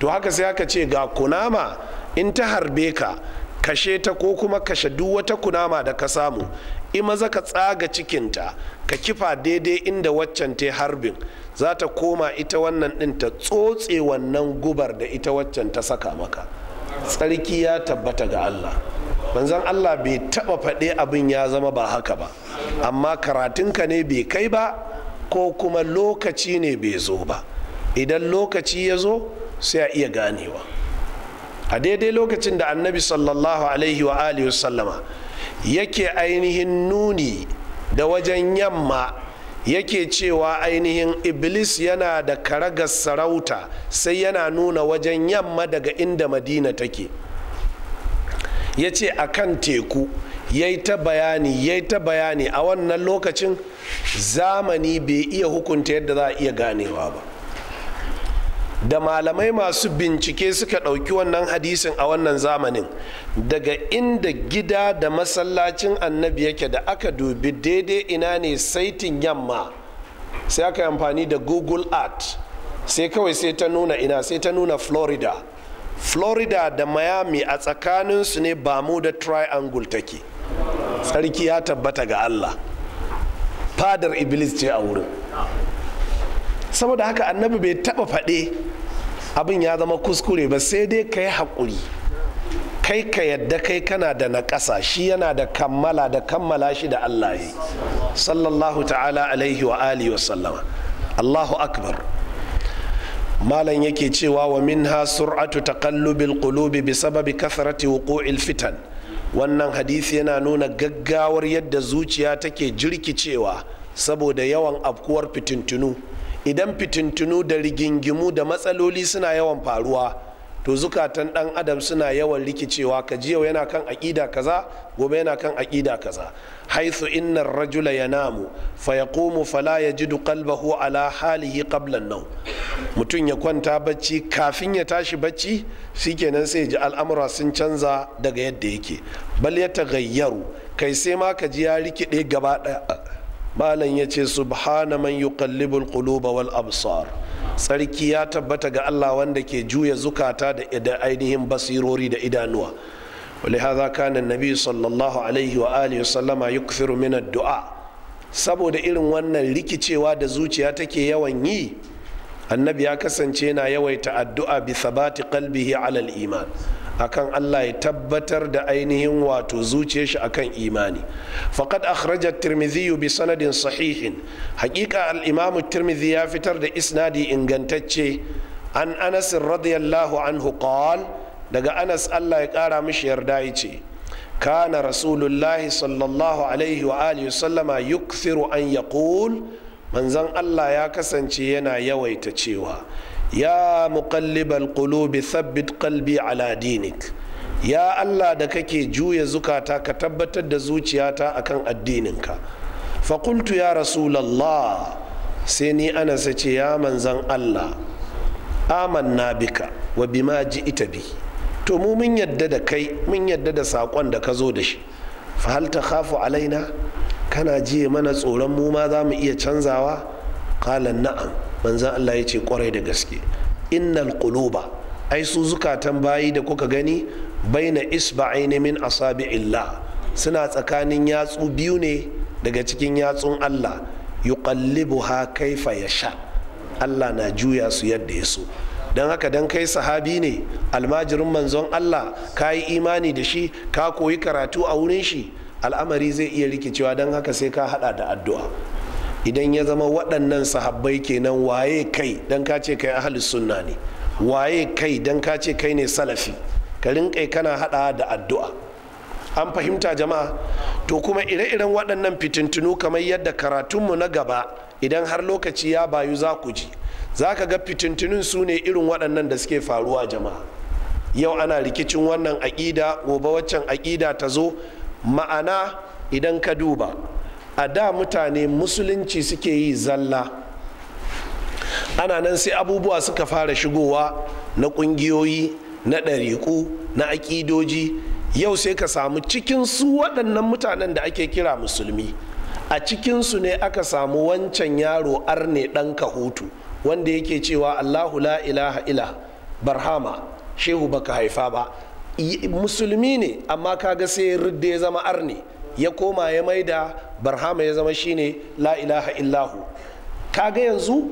to haka sai aka ce ga kunama in ta harbe ka kashe ta ko kuma kashe duk wata kunama da ka samu in maza ka tsaga cikinta ka kifa daidai inda waccan ta harbin za ta koma ita wannan din ta tsotse wannan gubar da ita waccan ta saka maka tsarki ya tabbata ga Allah manzon Allah bai taba faɗe abin ya zama ba haka ba amma karatunka ne bai kai ba ko kuma lokaci ne bai zo ba idan lokaci ya zo sai a iya ganewa a daidai lokacin da annabi sallallahu alaihi wa alihi sallama yake ainihin nuni da wajen yamma yake cewa ainihin iblis yana da karagar sarauta sai yana nuna wajen yamma daga inda madina take ya ce a kan teku ya ta bayani ya ta bayani a wannan lokacin zamani bai iya hukunta yadda za a iya ganewa ba da malamai masu bincike suka ɗauki wannan hadisin a wannan zamanin daga inda gida da masallacin annabi yake da aka dubi daidai ina ne saitin yamma sai aka yi amfani da google art sai kawai sai ta nuna ina sai ta nuna florida florida da miami a tsakaninsu ne bamu da triangle take sarki ya tabbata ga allah fadar iblis ce a wurin saboda haka annabi bai taba faɗe abin ya zama kuskure ba sai dai ka yi haƙuri kai ka yadda kai kana da naƙasa shi yana da kammala da kammala shi da Allah yi sallallahu ta'ala alaihi wa alihi wa sallama Allahu akbar malam yake cewa wa minha sur'atu taqallubil qulubi bi sababi kathrati wuqu'il fitan wannan hadisi yana nuna gaggawar yadda zuciya take jirkicewa saboda yawan afkuwar fitintunu idan fitintunu da rigingimu da matsaloli suna yawan faruwa to zukatan dan adam suna yawan rikicewa ka yau yana kan aƙida kaza gobe yana kan aƙida kaza haithu inna rajula ya yanamu fa yaqumu fala ya ji yajidu qalbahu ala halihi qabla an mutum ya kwanta bacci kafin ya tashi bacci shi shikenan sai ji al'amura sun canza daga yadda yake bal ya tagayyaru kai sai ma ka ji ya rikide gaba daya malam ya ce subhana man yuqallibul quluba wal absar sarki ya tabbata ga Allah wanda ke juya zukata da ainihin basirori da idanuwa ولهذا كان النبي صلى الله عليه وآله وسلم يكثر من الدعاء saboda irin wannan rikicewa da zuciya take yawan yi annabi ya kasance yana yawaita addu'a bi thabati qalbihi alal iman akan Allah ya tabbatar da ainihin wato zuciyar shi akan imani faqad akhraja at-tirmidhi bi sanadin sahihin haqiqa al-imam at-tirmidhi ya fitar da isnadi ingantacce an Anas radiyallahu anhu qal daga Anas Allah ya kara mishi yarda yace kana rasulullahi sallallahu alaihi wa alihi sallama yukthiru an yaqul manzon Allah ya kasance yana yawaita cewa ya muqallibal qulubi thabbit qalbi ala dinik ya Allah da kake juya zukata ka tabbatar da zuciyata akan addininka faƙultu ya rasulallah sai ni ana sace ya manzan Allah amanna bika wa bima ita bi to mu mun yadda da kai mun yadda da saƙon da ka zo da shi fa hal ta khafu alaina kana ji mana tsoron mu ma za mu iya canzawa qala na'am manzan Allah ya ce kwarai da gaske innal quluba ai su zukatan bayi da kuka gani baina isba'aini min asabi'illah suna tsakanin yatsu biyu ne daga cikin yatsun Allah yuqallibuha kaifa sha. Allah na juya su yadda ya so don haka dan kai sahabi ne almajirin manzon Allah ka yi imani da shi ka koyi karatu a wurin shi al'amari zai iya rikicewa don haka sai ka hada da addu'a idan ya zama waɗannan sahabbai kenan waye kai dan ka ce kai ahlus sunna ne waye kai dan ka ce kai ne salafi ka rinƙai kana haɗa da addu'a an fahimta jama'a to kuma ire-iren waɗannan fitintunu kamar yadda karatunmu na gaba idan har lokaci ya bayu za ku ji za ka ga fitintunun su ne irin waɗannan da suke faruwa jama'a yau ana rikicin wannan aƙida gobe waccan aƙida ta zo ma'ana idan ka duba a da mutane musulunci suke yi zalla ana nan sai abubuwa suka fara shigowa na ƙungiyoyi na ɗariƙu na aƙidoji yau sai ka samu cikin su waɗannan mutanen da ake kira musulmi a cikinsu ne aka samu wancan yaro arne ɗan kahutu wanda yake cewa allahu la ilaha ila barhama shehu baka haifa ba musulmi ne amma kaga sai ya zama arne ya koma ya maida barhama ya zama shine la ilaha illahu kaga yanzu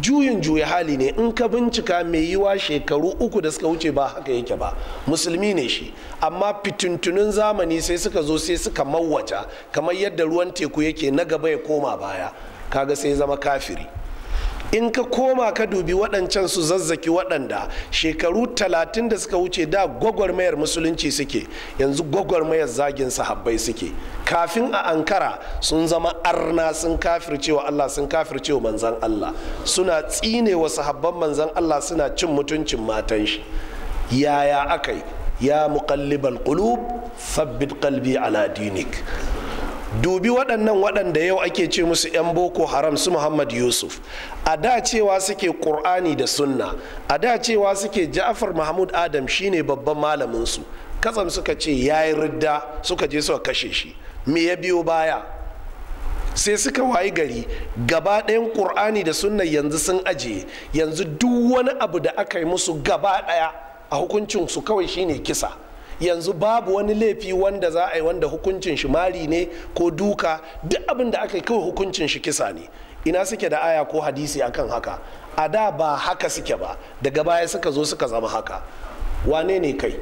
juyin juya hali ne in ka bincika mai yiwa shekaru uku da suka wuce ba haka yake ba musulmi ne shi amma fitintunin zamani sai suka zo sai suka mawwata kamar yadda ruwan teku yake na gaba ya koma baya kaga sai zama kafiri in ka koma ka dubi waɗancan su zazzaki waɗanda shekaru talatin da suka wuce da gwagwarmayar musulunci suke yanzu gwagwarmayar zagin sahabbai suke kafin a ankara sun zama arna sun kafircewa allah sun kafircewa manzan allah suna tsinewa sahabban manzan allah suna cin mutuncin matan shi yaya aka yi ya muqallibal qulub thabbit qalbi ala dinik dubi waɗannan waɗanda yau ake ce musu 'yan boko haram su muhammad yusuf a da cewa suke ƙur'ani da sunna a da cewa suke ja'afar mahmud adam shine babban malaminsu katsam suka ce ya yi ridda suka je suka kashe shi me ya biyo baya sai suka wayi gari gaba ɗayan ƙur'ani da sunna yanzu sun ajiye yanzu duk wani abu da aka yi musu gaba ɗaya a hukuncin su kawai shine kisa yanzu babu wani laifi wanda za a yi wanda hukuncin shi mari ne ko duka duk abin da aka yi kawai hukuncin shi kisa ne ina suke da aya ko hadisi akan haka a da ba haka suke ba daga baya suka zo suka zama haka wane ne kai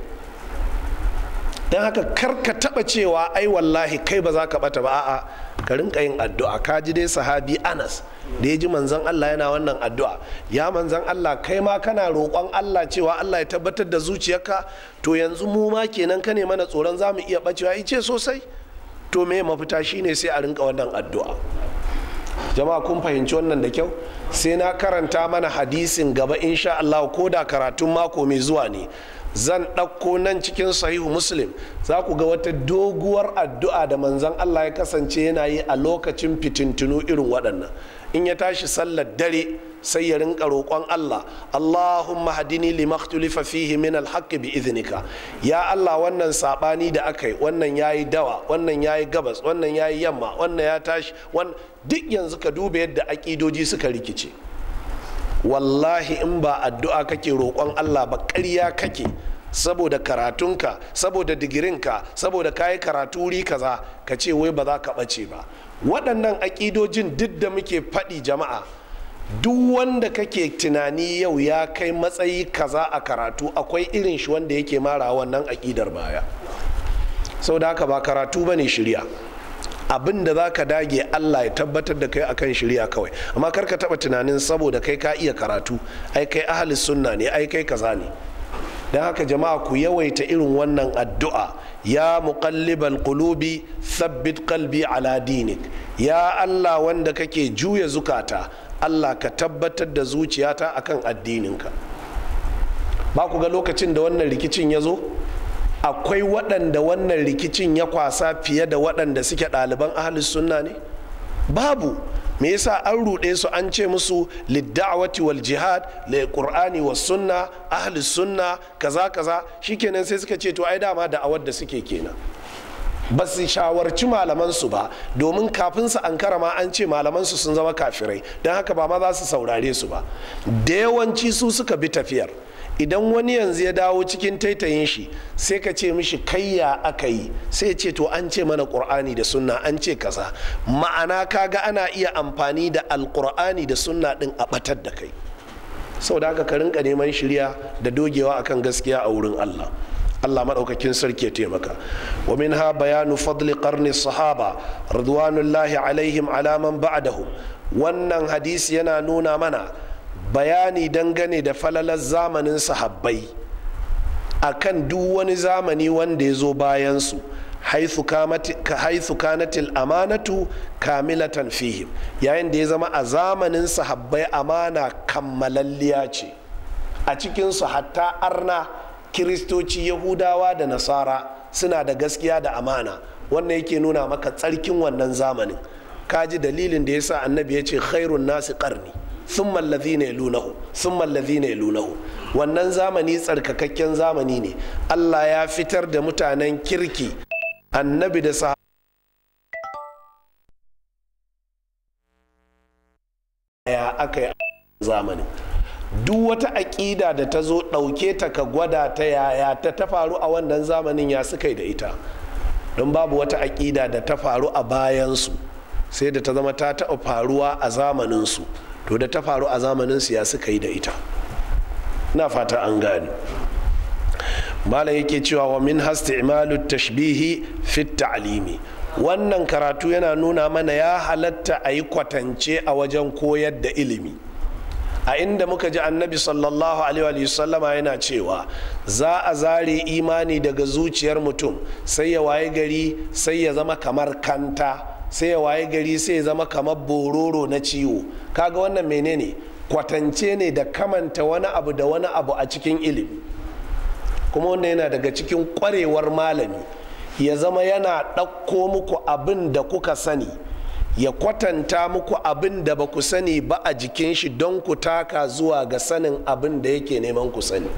don haka kar ka taba cewa ai wallahi kai ba za ka bata ba a'a ka rinka yin addu'a ka ji dai sahabi anas da ya ji manzan Allah yana wannan addu'a ya manzan Allah kai ma kana roƙon Allah cewa Allah ya tabbatar da zuciyarka to yanzu mu ma kenan ka ne mana tsoron za mu iya bacewa ice sosai to me mafita shi ne sai a rinka wannan addu'a jama'a kun fahimci wannan da kyau sai na karanta mana hadisin gaba insha Allah ko da karatun mako mai zuwa ne zan ɗauko nan cikin sahihu muslim za ku ga wata doguwar addu'a da manzan Allah ya kasance yana yi a lokacin fitintunu irin waɗannan in ya tashi sallar dare sai ya rinka roƙon Allah Allahumma hadini limaktulifa fihi min alhaqqi bi idhnika ya Allah wannan sabani da aka yi wannan yayi dawa wannan yayi gabas wannan yayi yamma wannan ya tashi duk yanzu ka duba yadda akidoji suka rikice wallahi in ba addu'a kake roƙon Allah ba ƙarya kake saboda karatunka saboda digirinka saboda kayi karatu wuri kaza ka ce wai ba za ka ɓace ba waɗannan aƙidojin duk da muke faɗi jama'a duk wanda kake tunani yau ya kai matsayi kaza a karatu akwai irin shi wanda yake mara wannan aƙidar baya sau da haka ba karatu ba ne shirya abin da za ka dage allah ya tabbatar da kai akan shirya kawai amma kar ka taɓa tunanin saboda kai ka iya karatu ai kai ahalis sunna ne ai kai kaza ne don haka jama'a ku yawaita irin wannan addu'a ya muƙalliban qulubi thabbit kalbi ala dinik ya Allah wanda kake juya zukata Allah ka tabbatar da zuciyata akan addininka ba ku ga lokacin da wannan rikicin ya zo akwai waɗanda wannan rikicin ya kwasa fiye da waɗanda suke ɗaliban ahalus sunna ne babu me yasa an ruɗe su an ce musu lidda'awati wal jihad le qur'ani was sunna ahli sunna kaza kaza shikenan sai suka ce to ai dama da da suke kenan ba su shawarci su ba domin kafin su ankara ma an ce malamansu sun zama kafirai don haka ba ma za su saurare su ba da yawanci su suka bi tafiyar idan wani yanzu ya dawo cikin taitayin shi sai ka ce mishi kayya aka yi sai ce to an ce mana qur'ani da sunna an ce kaza ma'ana kaga ana iya amfani da alqur'ani da sunna ɗin a batar da kai saboda haka ka rinka neman shirya da dogewa akan gaskiya a wurin Allah Allah maɗaukakin sarki ya taimaka wa min ha bayanu fadli karni sahaba radwanullahi alaihim alaman ba'dahu wannan hadisi yana nuna mana bayani dangane da falalar zamanin sahabbai akan duk wani zamani wanda ya zo bayansu haithu kanatil amanatu kamilatan fihim yayin da ya zama a zamanin sahabbai amana kammalalliya ce a cikinsu hatta arna kiristoci yahudawa da nasara suna da gaskiya da amana wannan yake nuna maka tsarkin wannan zamanin kaji dalilin da yasa annabi ya ce khairun nasu karni thumma alladhina yalunahu thumma alladhina yalunahu wannan zamani tsarkakakken zamani ne Allah ya fitar da mutanen kirki annabi da ya aka yi zamanin duk wata aƙida da ta zo ɗauke ta ka gwada ta yaya ta ta faru a wannan zamanin ya suka yi da ita don babu wata aƙida da ta faru a bayansu sai da ta zama ta taɓa faruwa a zamaninsu to da ta faru a zamanin siya suka yi da ita na fata an gani. malam yake cewa wa min imalu tashbihi fit ta'limi wannan karatu yana nuna mana ya halatta a yi kwatance a wajen koyar da ilimi a inda muka ji annabi sallallahu alaihi sallama yana cewa za a zare imani daga zuciyar mutum sai ya waye gari sai ya zama kamar kanta sai ya waye gari sai ya zama kamar bororo na ciwo kaga wannan menene kwatance ne da kamanta wani abu da wani abu a cikin ilimi kuma wannan yana daga cikin kwarewar malami ya zama yana ɗauko muku abin da kuka sani ya kwatanta muku abin da ba ku sani ba a jikin shi don ku taka zuwa ga sanin abin da yake neman ku sani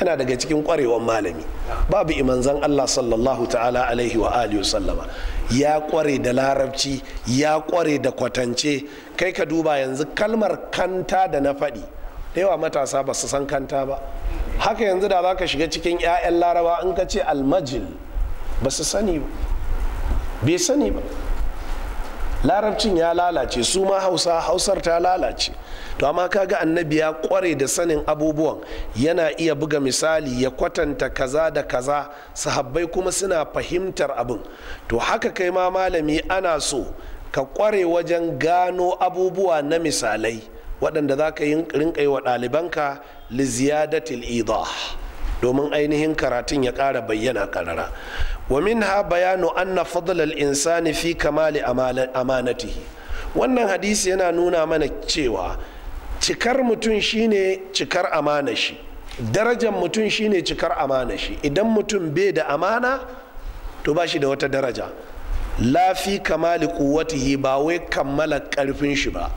yana daga cikin kwarewan malami babu imanzan Allah sallallahu ta'ala alaihi wa alihi sallama ya kware da larabci ya kware da kwatance kai ka duba yanzu kalmar kanta da na faɗi da yawa matasa ba su san kanta ba haka yanzu da za ka shiga cikin 'ya'yan laraba in ka ce almajil ba su sani ba bai sani ba larabcin ya lalace su ma hausa hausar ta lalace to amma kaga annabi ya kware da sanin abubuwan yana iya buga misali ya kwatanta kaza da kaza sahabbai kuma suna fahimtar abin to haka kai ma malami ana so ka kware wajen gano abubuwa na misalai waɗanda za ka rinka yi wa ɗalibanka liziyadatil idah domin ainihin karatun ya ƙara bayyana ƙarara wa minha bayanu anna fadl al-insani fi kamali amanatihi wannan hadisi yana nuna mana cewa cikar mutum shine cikar amana shi darajar mutum shine cikar amana shi idan mutum bai da amana to ba shi da wata daraja lafi kamali kuwatihi ba wai kammala karfin shi ba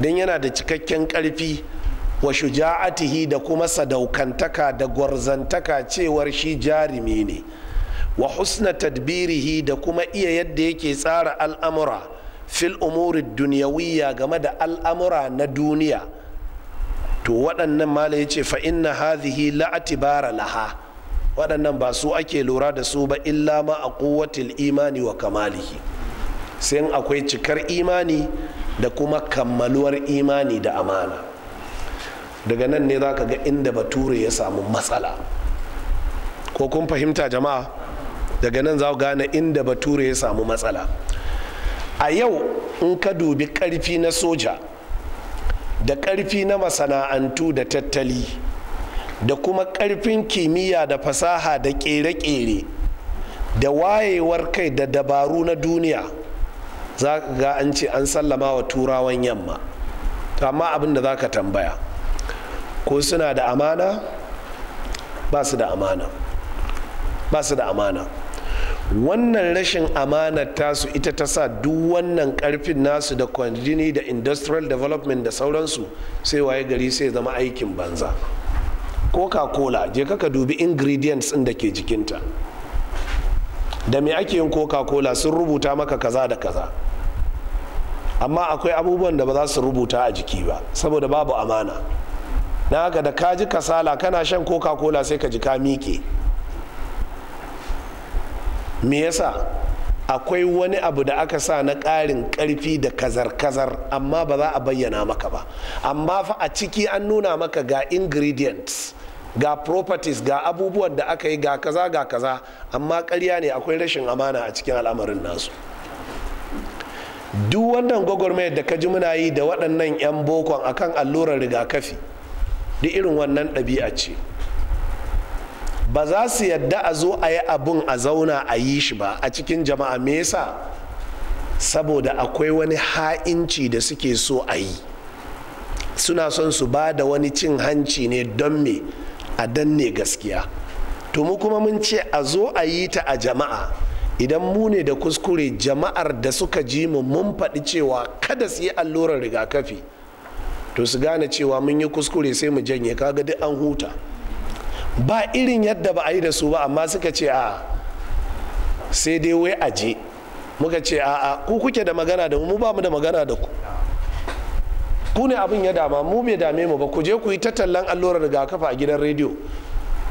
don yana da cikakken karfi wa shuja'atihi da kuma sadaukantaka da gwarzantaka cewar shi jarumi ne wa husna tadbirihi da kuma iya yadda yake tsara al'amura fil umuri duniyawiyya game da al'amura na duniya to waɗannan mala ya ce fa inna hadhihi la'atibara laha waɗannan ba su ake lura da su ba illa ma a kowatil imani wa kamalihi sai akwai cikar imani da kuma kammaluwar imani da amana daga nan ne za ka ga inda bature ya samu matsala ko kun fahimta jama'a daga nan za gane inda bature ya samu matsala a yau in ka dubi karfi na soja da karfi na masana'antu da tattali da kuma karfin kimiyya da fasaha da kere-kere da wayewar kai da dabaru na duniya za ga an ce an sallama wa turawan yamma amma abin da za ka tambaya ko suna da amana da amana ba su da amana wannan rashin amanar tasu ita ta sa duk wannan karfin nasu da kwanjini da industrial development da sauransu sai waye gari sai zama aikin banza coca-cola je kaka dubi ingredients ɗin da ke jikinta da me ake yin coca-cola sun rubuta maka kaza da kaza amma akwai abubuwan da ba za su rubuta a jiki ba saboda babu amana na haka da ka ji kasala kana shan coca-cola sai ka ji ka miƙe me yasa akwai wani abu da aka sa na ƙarin ƙarfi da kazar-kazar amma ba za a bayyana maka ba amma fa a ciki an nuna maka ga ingredients ga properties ga abubuwan da aka yi ga kaza ga kaza amma karya ne akwai rashin amana a cikin al'amarin nasu duk wannan gwagwarmayar da ka ji muna yi da waɗannan 'yan bokon akan allurar rigakafi duk irin wannan ɗabi'a ce ba za su yadda a zo a yi abun a zauna a yi shi ba a cikin jama'a me yasa saboda akwai wani ha'inci da suke so a yi suna son su ba da wani cin hanci ne don me a danne gaskiya to mu kuma mun ce a zo a yi ta a jama'a idan mu ne da kuskure jama'ar da suka ji mu mun faɗi cewa kada su yi allurar rigakafi to su gane cewa mun yi kuskure sai mu janye kaga duk an huta ba irin yadda ba a yi da su ba amma suka ce a sai dai wai je muka ce a a ku kuke da magana da mu ba mu da magana da ku ku ne abin ya dama mu bai dame mu ba ku je ku yi tattallan allurar rigakafi a gidan rediyo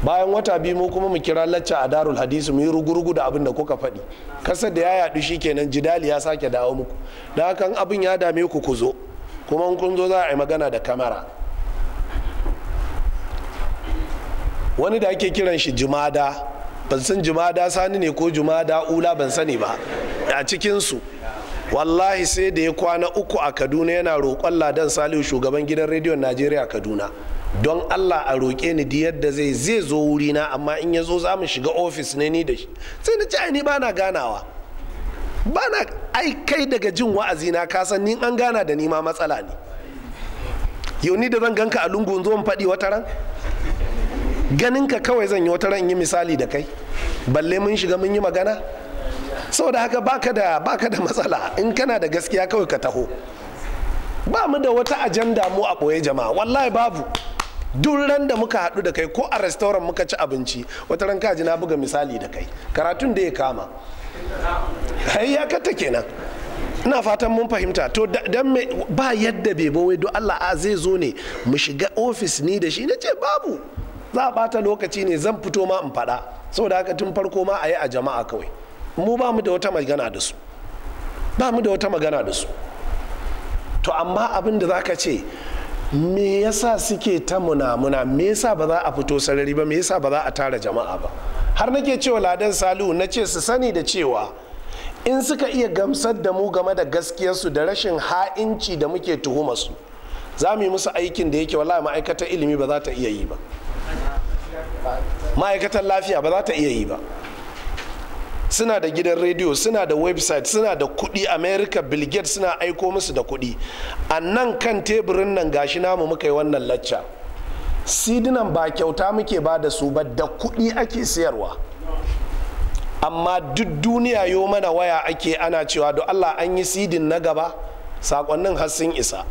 bayan wata biyu mu kuma mu kira lacca a darul hadisi mu yi rugurugu da abin da kuka faɗi kasar da ya yaɗu shi kenan jidali ya sake dawo muku da abin ya dame ku ku zo kuma kun zo za a yi magana da kamara wani da ake kiran shi jumada ban san jumada sani ne ko jumada ula ban sani ba a cikinsu wallahi sai da ya kwana uku a kaduna yana roƙon ladan salihu shugaban gidan rediyon najeriya kaduna don allah a roƙe ni di yadda zai zai zo wurina amma in ya zo za mu shiga ofis ne ni da shi sai na ci ni ba na ganawa ba na ai kai daga jin wa'azi na kasan ni an gana da ni ma matsala ne yau ni da zan ganka a lungu zo faɗi wata ran ganin ka kawai zan yi wata ran yi misali da kai balle mun shiga mun yi magana saboda haka baka da baka da matsala in kana da gaskiya kawai ka taho ba mu da wata ajanda mu a ɓoye jama'a wallahi babu duk ran da muka haɗu da kai ko a restoran muka ci abinci wata ran kaji na buga misali da kai karatun da ya kama ya kata kenan ina fatan mun fahimta to dan me ba yadda bai wai don Allah a zai zo ne mu shiga ofis ni da shi na ce babu za a ɓata lokaci ne zan fito ma in faɗa saboda haka tun farko ma a yi a jama'a kawai mu ba mu da wata magana da su ba mu da wata magana da su to amma abin da za ka ce me yasa suke ta munamuna me yasa ba za a fito sarari ba me yasa ba za a tara jama'a ba har nake cewa ladan salihu na ce su sani da cewa in suka iya gamsar da mu game da gaskiyarsu da rashin ha'inci da muke tuhumarsu za mu yi musu aikin da yake wallahi ma'aikatar ilimi ba za ta iya yi ba ma'aikatan lafiya ba za ta iya yi ba suna da gidan rediyo suna da website suna da kudi america bill suna aiko musu da kudi a nan kan teburin nan gashi namu muka yi wannan lacca sidinan ba kyauta muke ba da su ba da kudi ake siyarwa amma duk duniya yo mana waya ake ana cewa do allah an yi sidin na gaba sakonnin har sun isa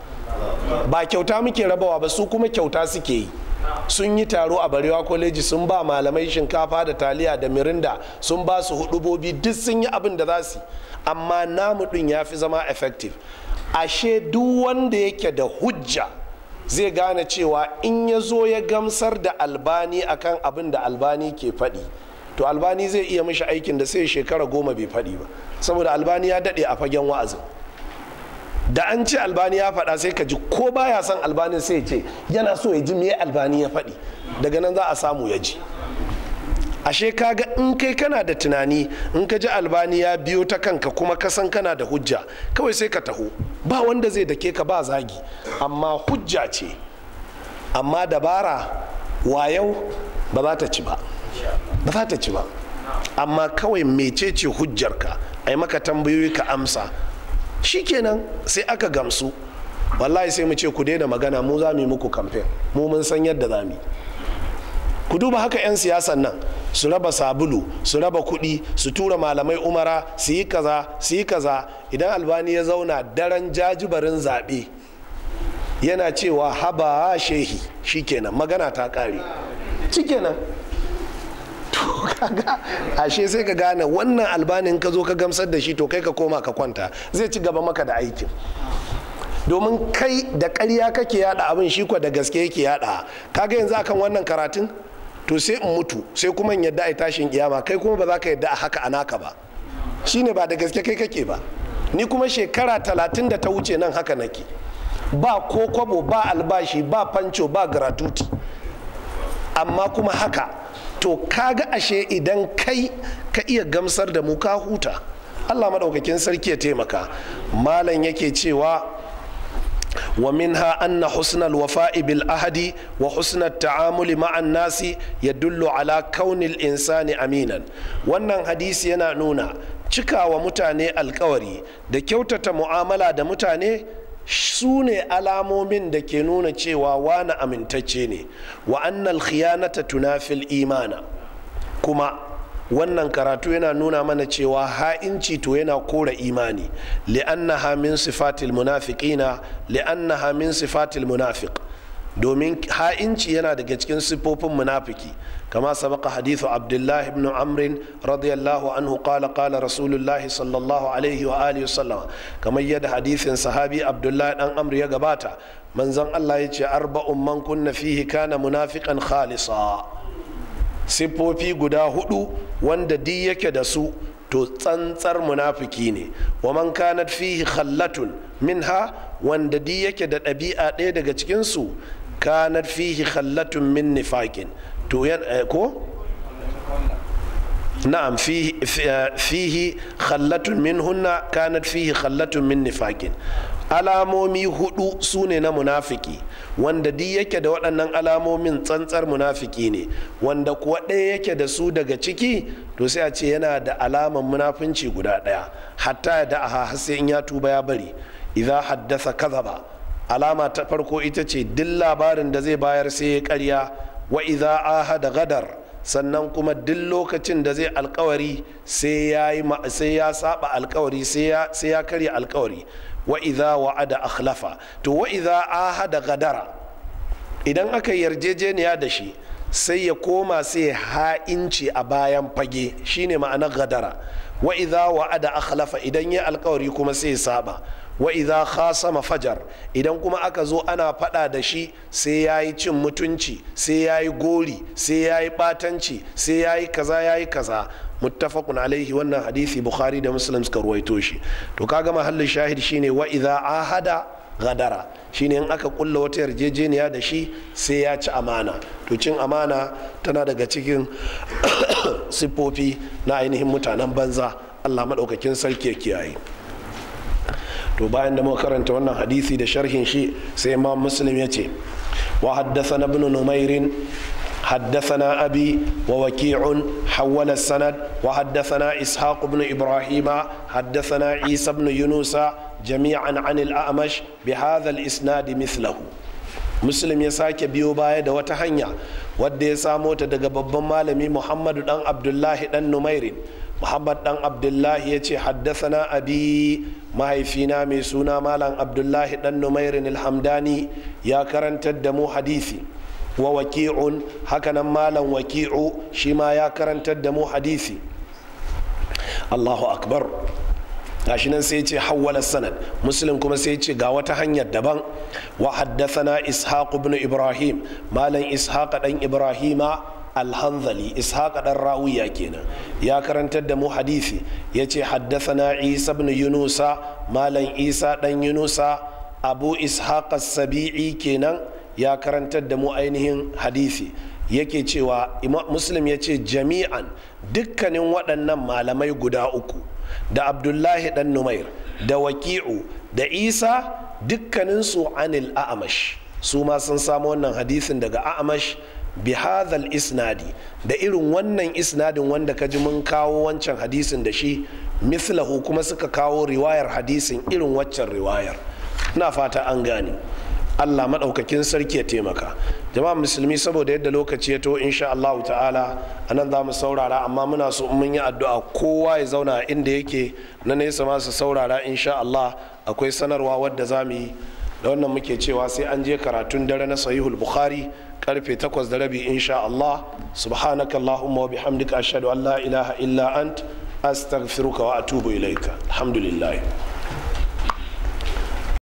ba kyauta muke rabawa ba su kuma kyauta suke yi sun yi taro a barewa kwaleji sun ba malamai shinkafa da taliya da mirinda sun ba su hudubobi duk sun yi abin da za su amma namu din ya fi zama effective ashe duk wanda yake da hujja zai gane cewa in ya zo ya gamsar da albani akan abin da albani ke faɗi to albani zai iya mishi aikin da sai shekara goma bai faɗi ba saboda albani ya daɗe a fagen wa'azin da an ce albani ya faɗa sai ka ji ko baya son albani sai ce yana so ya ji me albani ya faɗi daga nan za a samu ya ji ashe kaga in kai kana da tunani in ka ji albani ya biyo ta kanka kuma ka san kana da hujja kawai sai ka taho ba wanda zai dake ka ba zagi amma hujja ce amma dabara wayau ba za ta ci ba ba za ta ci ba amma kawai mecece hujjarka a yi maka tambayoyi ka amsa shikenan sai aka gamsu wallahi sai mu ce ku daina magana mu za mu yi muku kamfen mu mun san yadda za mu ku duba haka 'yan siyasan nan su raba sabulu su raba kuɗi su tura malamai umara su yi kaza su yi kaza idan albani ya zauna daren jajibarin zaɓe yana cewa haba shehi shikenan magana ta ƙare shikenan [laughs] ashe sai ka gane wannan albanin ka zo ka gamsar da shi to kai ka koma ka kwanta zai ci gaba maka da aikin domin kai da ƙarya kake yada abin shi da gaske yake yada kaga yanzu akan wannan karatun to sai in mutu sai kuma in yadda a tashin kiyama kai kuma ba za ka yadda a haka a naka ba shine ba da gaske kai kake ba ni kuma shekara talatin da ta wuce nan haka nake ba ko kwabo ba albashi ba fanco ba gratuti amma kuma haka to kaga ashe idan kai ka iya gamsar da mu ka huta allah maɗaukakin sarki ya taimaka malam yake cewa Wa ومنها أن ahadi wa wa ta'amuli ta'amuli nasi ya dullu ala kaunil insani Aminan. wannan hadisi yana nuna cikawa mutane alkawari da kyautata mu'amala da mutane su ne alamomin da ke nuna cewa wani amintacce ne wa annal khiyanata tunafil imana kuma wannan karatu yana nuna mana cewa ha'inci to yana kora imani li'anna min sifatil munafiqina ha min sifatil munafiq domin ha'inci yana daga cikin siffofin munafiki كما سبق حديث عبد الله بن عمرو رضي الله عنه قال قال رسول الله صلى الله عليه وآله وسلم كما يد حديث صحابي عبد الله بن عمرو يغباتا من زن الله يجي أربع من كن فيه كان منافقا خالصا سبوبي قدا هدو واند دي كدسو تو تنصر منافقيني ومن كانت فيه kanat منها واند دي كدت di yake da ɗabi'a ɗaya daga cikinsu kanat to eh, ko na'am fihi eh, khallatun min hunna kanat fihi khallatun min nifaqin alamomi hudu sune na munafiki wanda di yake da waɗannan alamomin tsantsar munafiki ne wanda kuwa ɗaya yake da su daga ciki to sai a ce yana da alaman munafunci guda ɗaya hatta ya da aha sai in ya tuba ya bari idan haddasa kaza alama ta farko ita ce duk labarin da zai bayar sai ya karya wa idza ahada gadar sannan kuma duk lokacin da zai alkawari sai ya saba alkawari sai ya karya alkawari wa idza wa'ada akhlafa to wa idza ahada gadara idan aka yarjejeniya da shi sai ya koma sai ha'inci a bayan fage shine ma'anar gadara wa idza wa'ada akhlafa idan ya alkawari kuma sai ya saba wa idza khasama fajar idan kuma aka zo ana fada da shi sai yayi cin mutunci sai yayi goli sai yayi batanci sai yayi kaza yayi kaza muttafaqun alaihi wannan hadisi bukhari da muslim suka ruwaito shi to kaga mahallin shahid shine wa idza ahada gadara shine in aka kulla wata yarjejeniya da shi sai ya ci amana to cin amana tana daga cikin [coughs] siffofi na ainihin mutanen banza allah maɗaukakin sarki ya kiyaye to bayan da muka karanta wannan hadisi da sharhin shi sai ma muslim ya ce wa haddasa ibn numairin حدثنا أبي ووكيع حول السند وحدثنا إسحاق بن إبراهيم حدثنا عيسى بن يونس jami'an anil a'mash bi hadha isnadi isnad mithlahu muslim ya sake biyo baya da wata hanya wadda ya samo ta daga babban malami muhammadu dan abdullahi dan numairin muhammad dan abdullahi ya ce haddasana abi mahaifina mai suna malam abdullahi dan numairin alhamdani ya karantar da mu hadisi wa waki'un hakanan malam waki'u shi ma ya karantar da mu hadisi allahu akbar gashi nan sai ce hawwala sanad muslim kuma sai ce ga wata hanyar daban wa haddathana ishaq ibn ibrahim malam ishaq dan ibrahima alhanzali ishaq dan rawiya kenan ya karantar da mu hadisi yace haddathana isa ibn yunusa malam isa dan yunusa abu ishaq as-sabi'i kenan ya karantar da mu ainihin hadisi yake cewa muslim ya ce jami'an dukkanin waɗannan malamai guda uku da abdullahi dan numair da waki'u da isa dukkaninsu anil a'amash su ma sun samu wannan hadisin daga a'amash bi hadhal isnadi da irin wannan isnadin wanda ka ji mun kawo wancan hadisin da shi mislahu kuma suka kawo riwayar hadisin irin waccan riwayar na fata an gane allah maɗaukakin sarki ya taimaka jama'a musulmi saboda yadda lokaci ya to insha allahu ta'ala a nan za mu saurara amma muna so mun yi addu'a kowa ya zauna inda yake na nesa masu saurara insha allah akwai sanarwa wadda za mu yi da wannan muke cewa sai an je karatun dare na sahihul bukhari karfe takwas da rabi insha allah subhanakallahumma wa bihamdika ashhadu an la ilaha illa ant astaghfiruka wa atubu ilaika alhamdulillah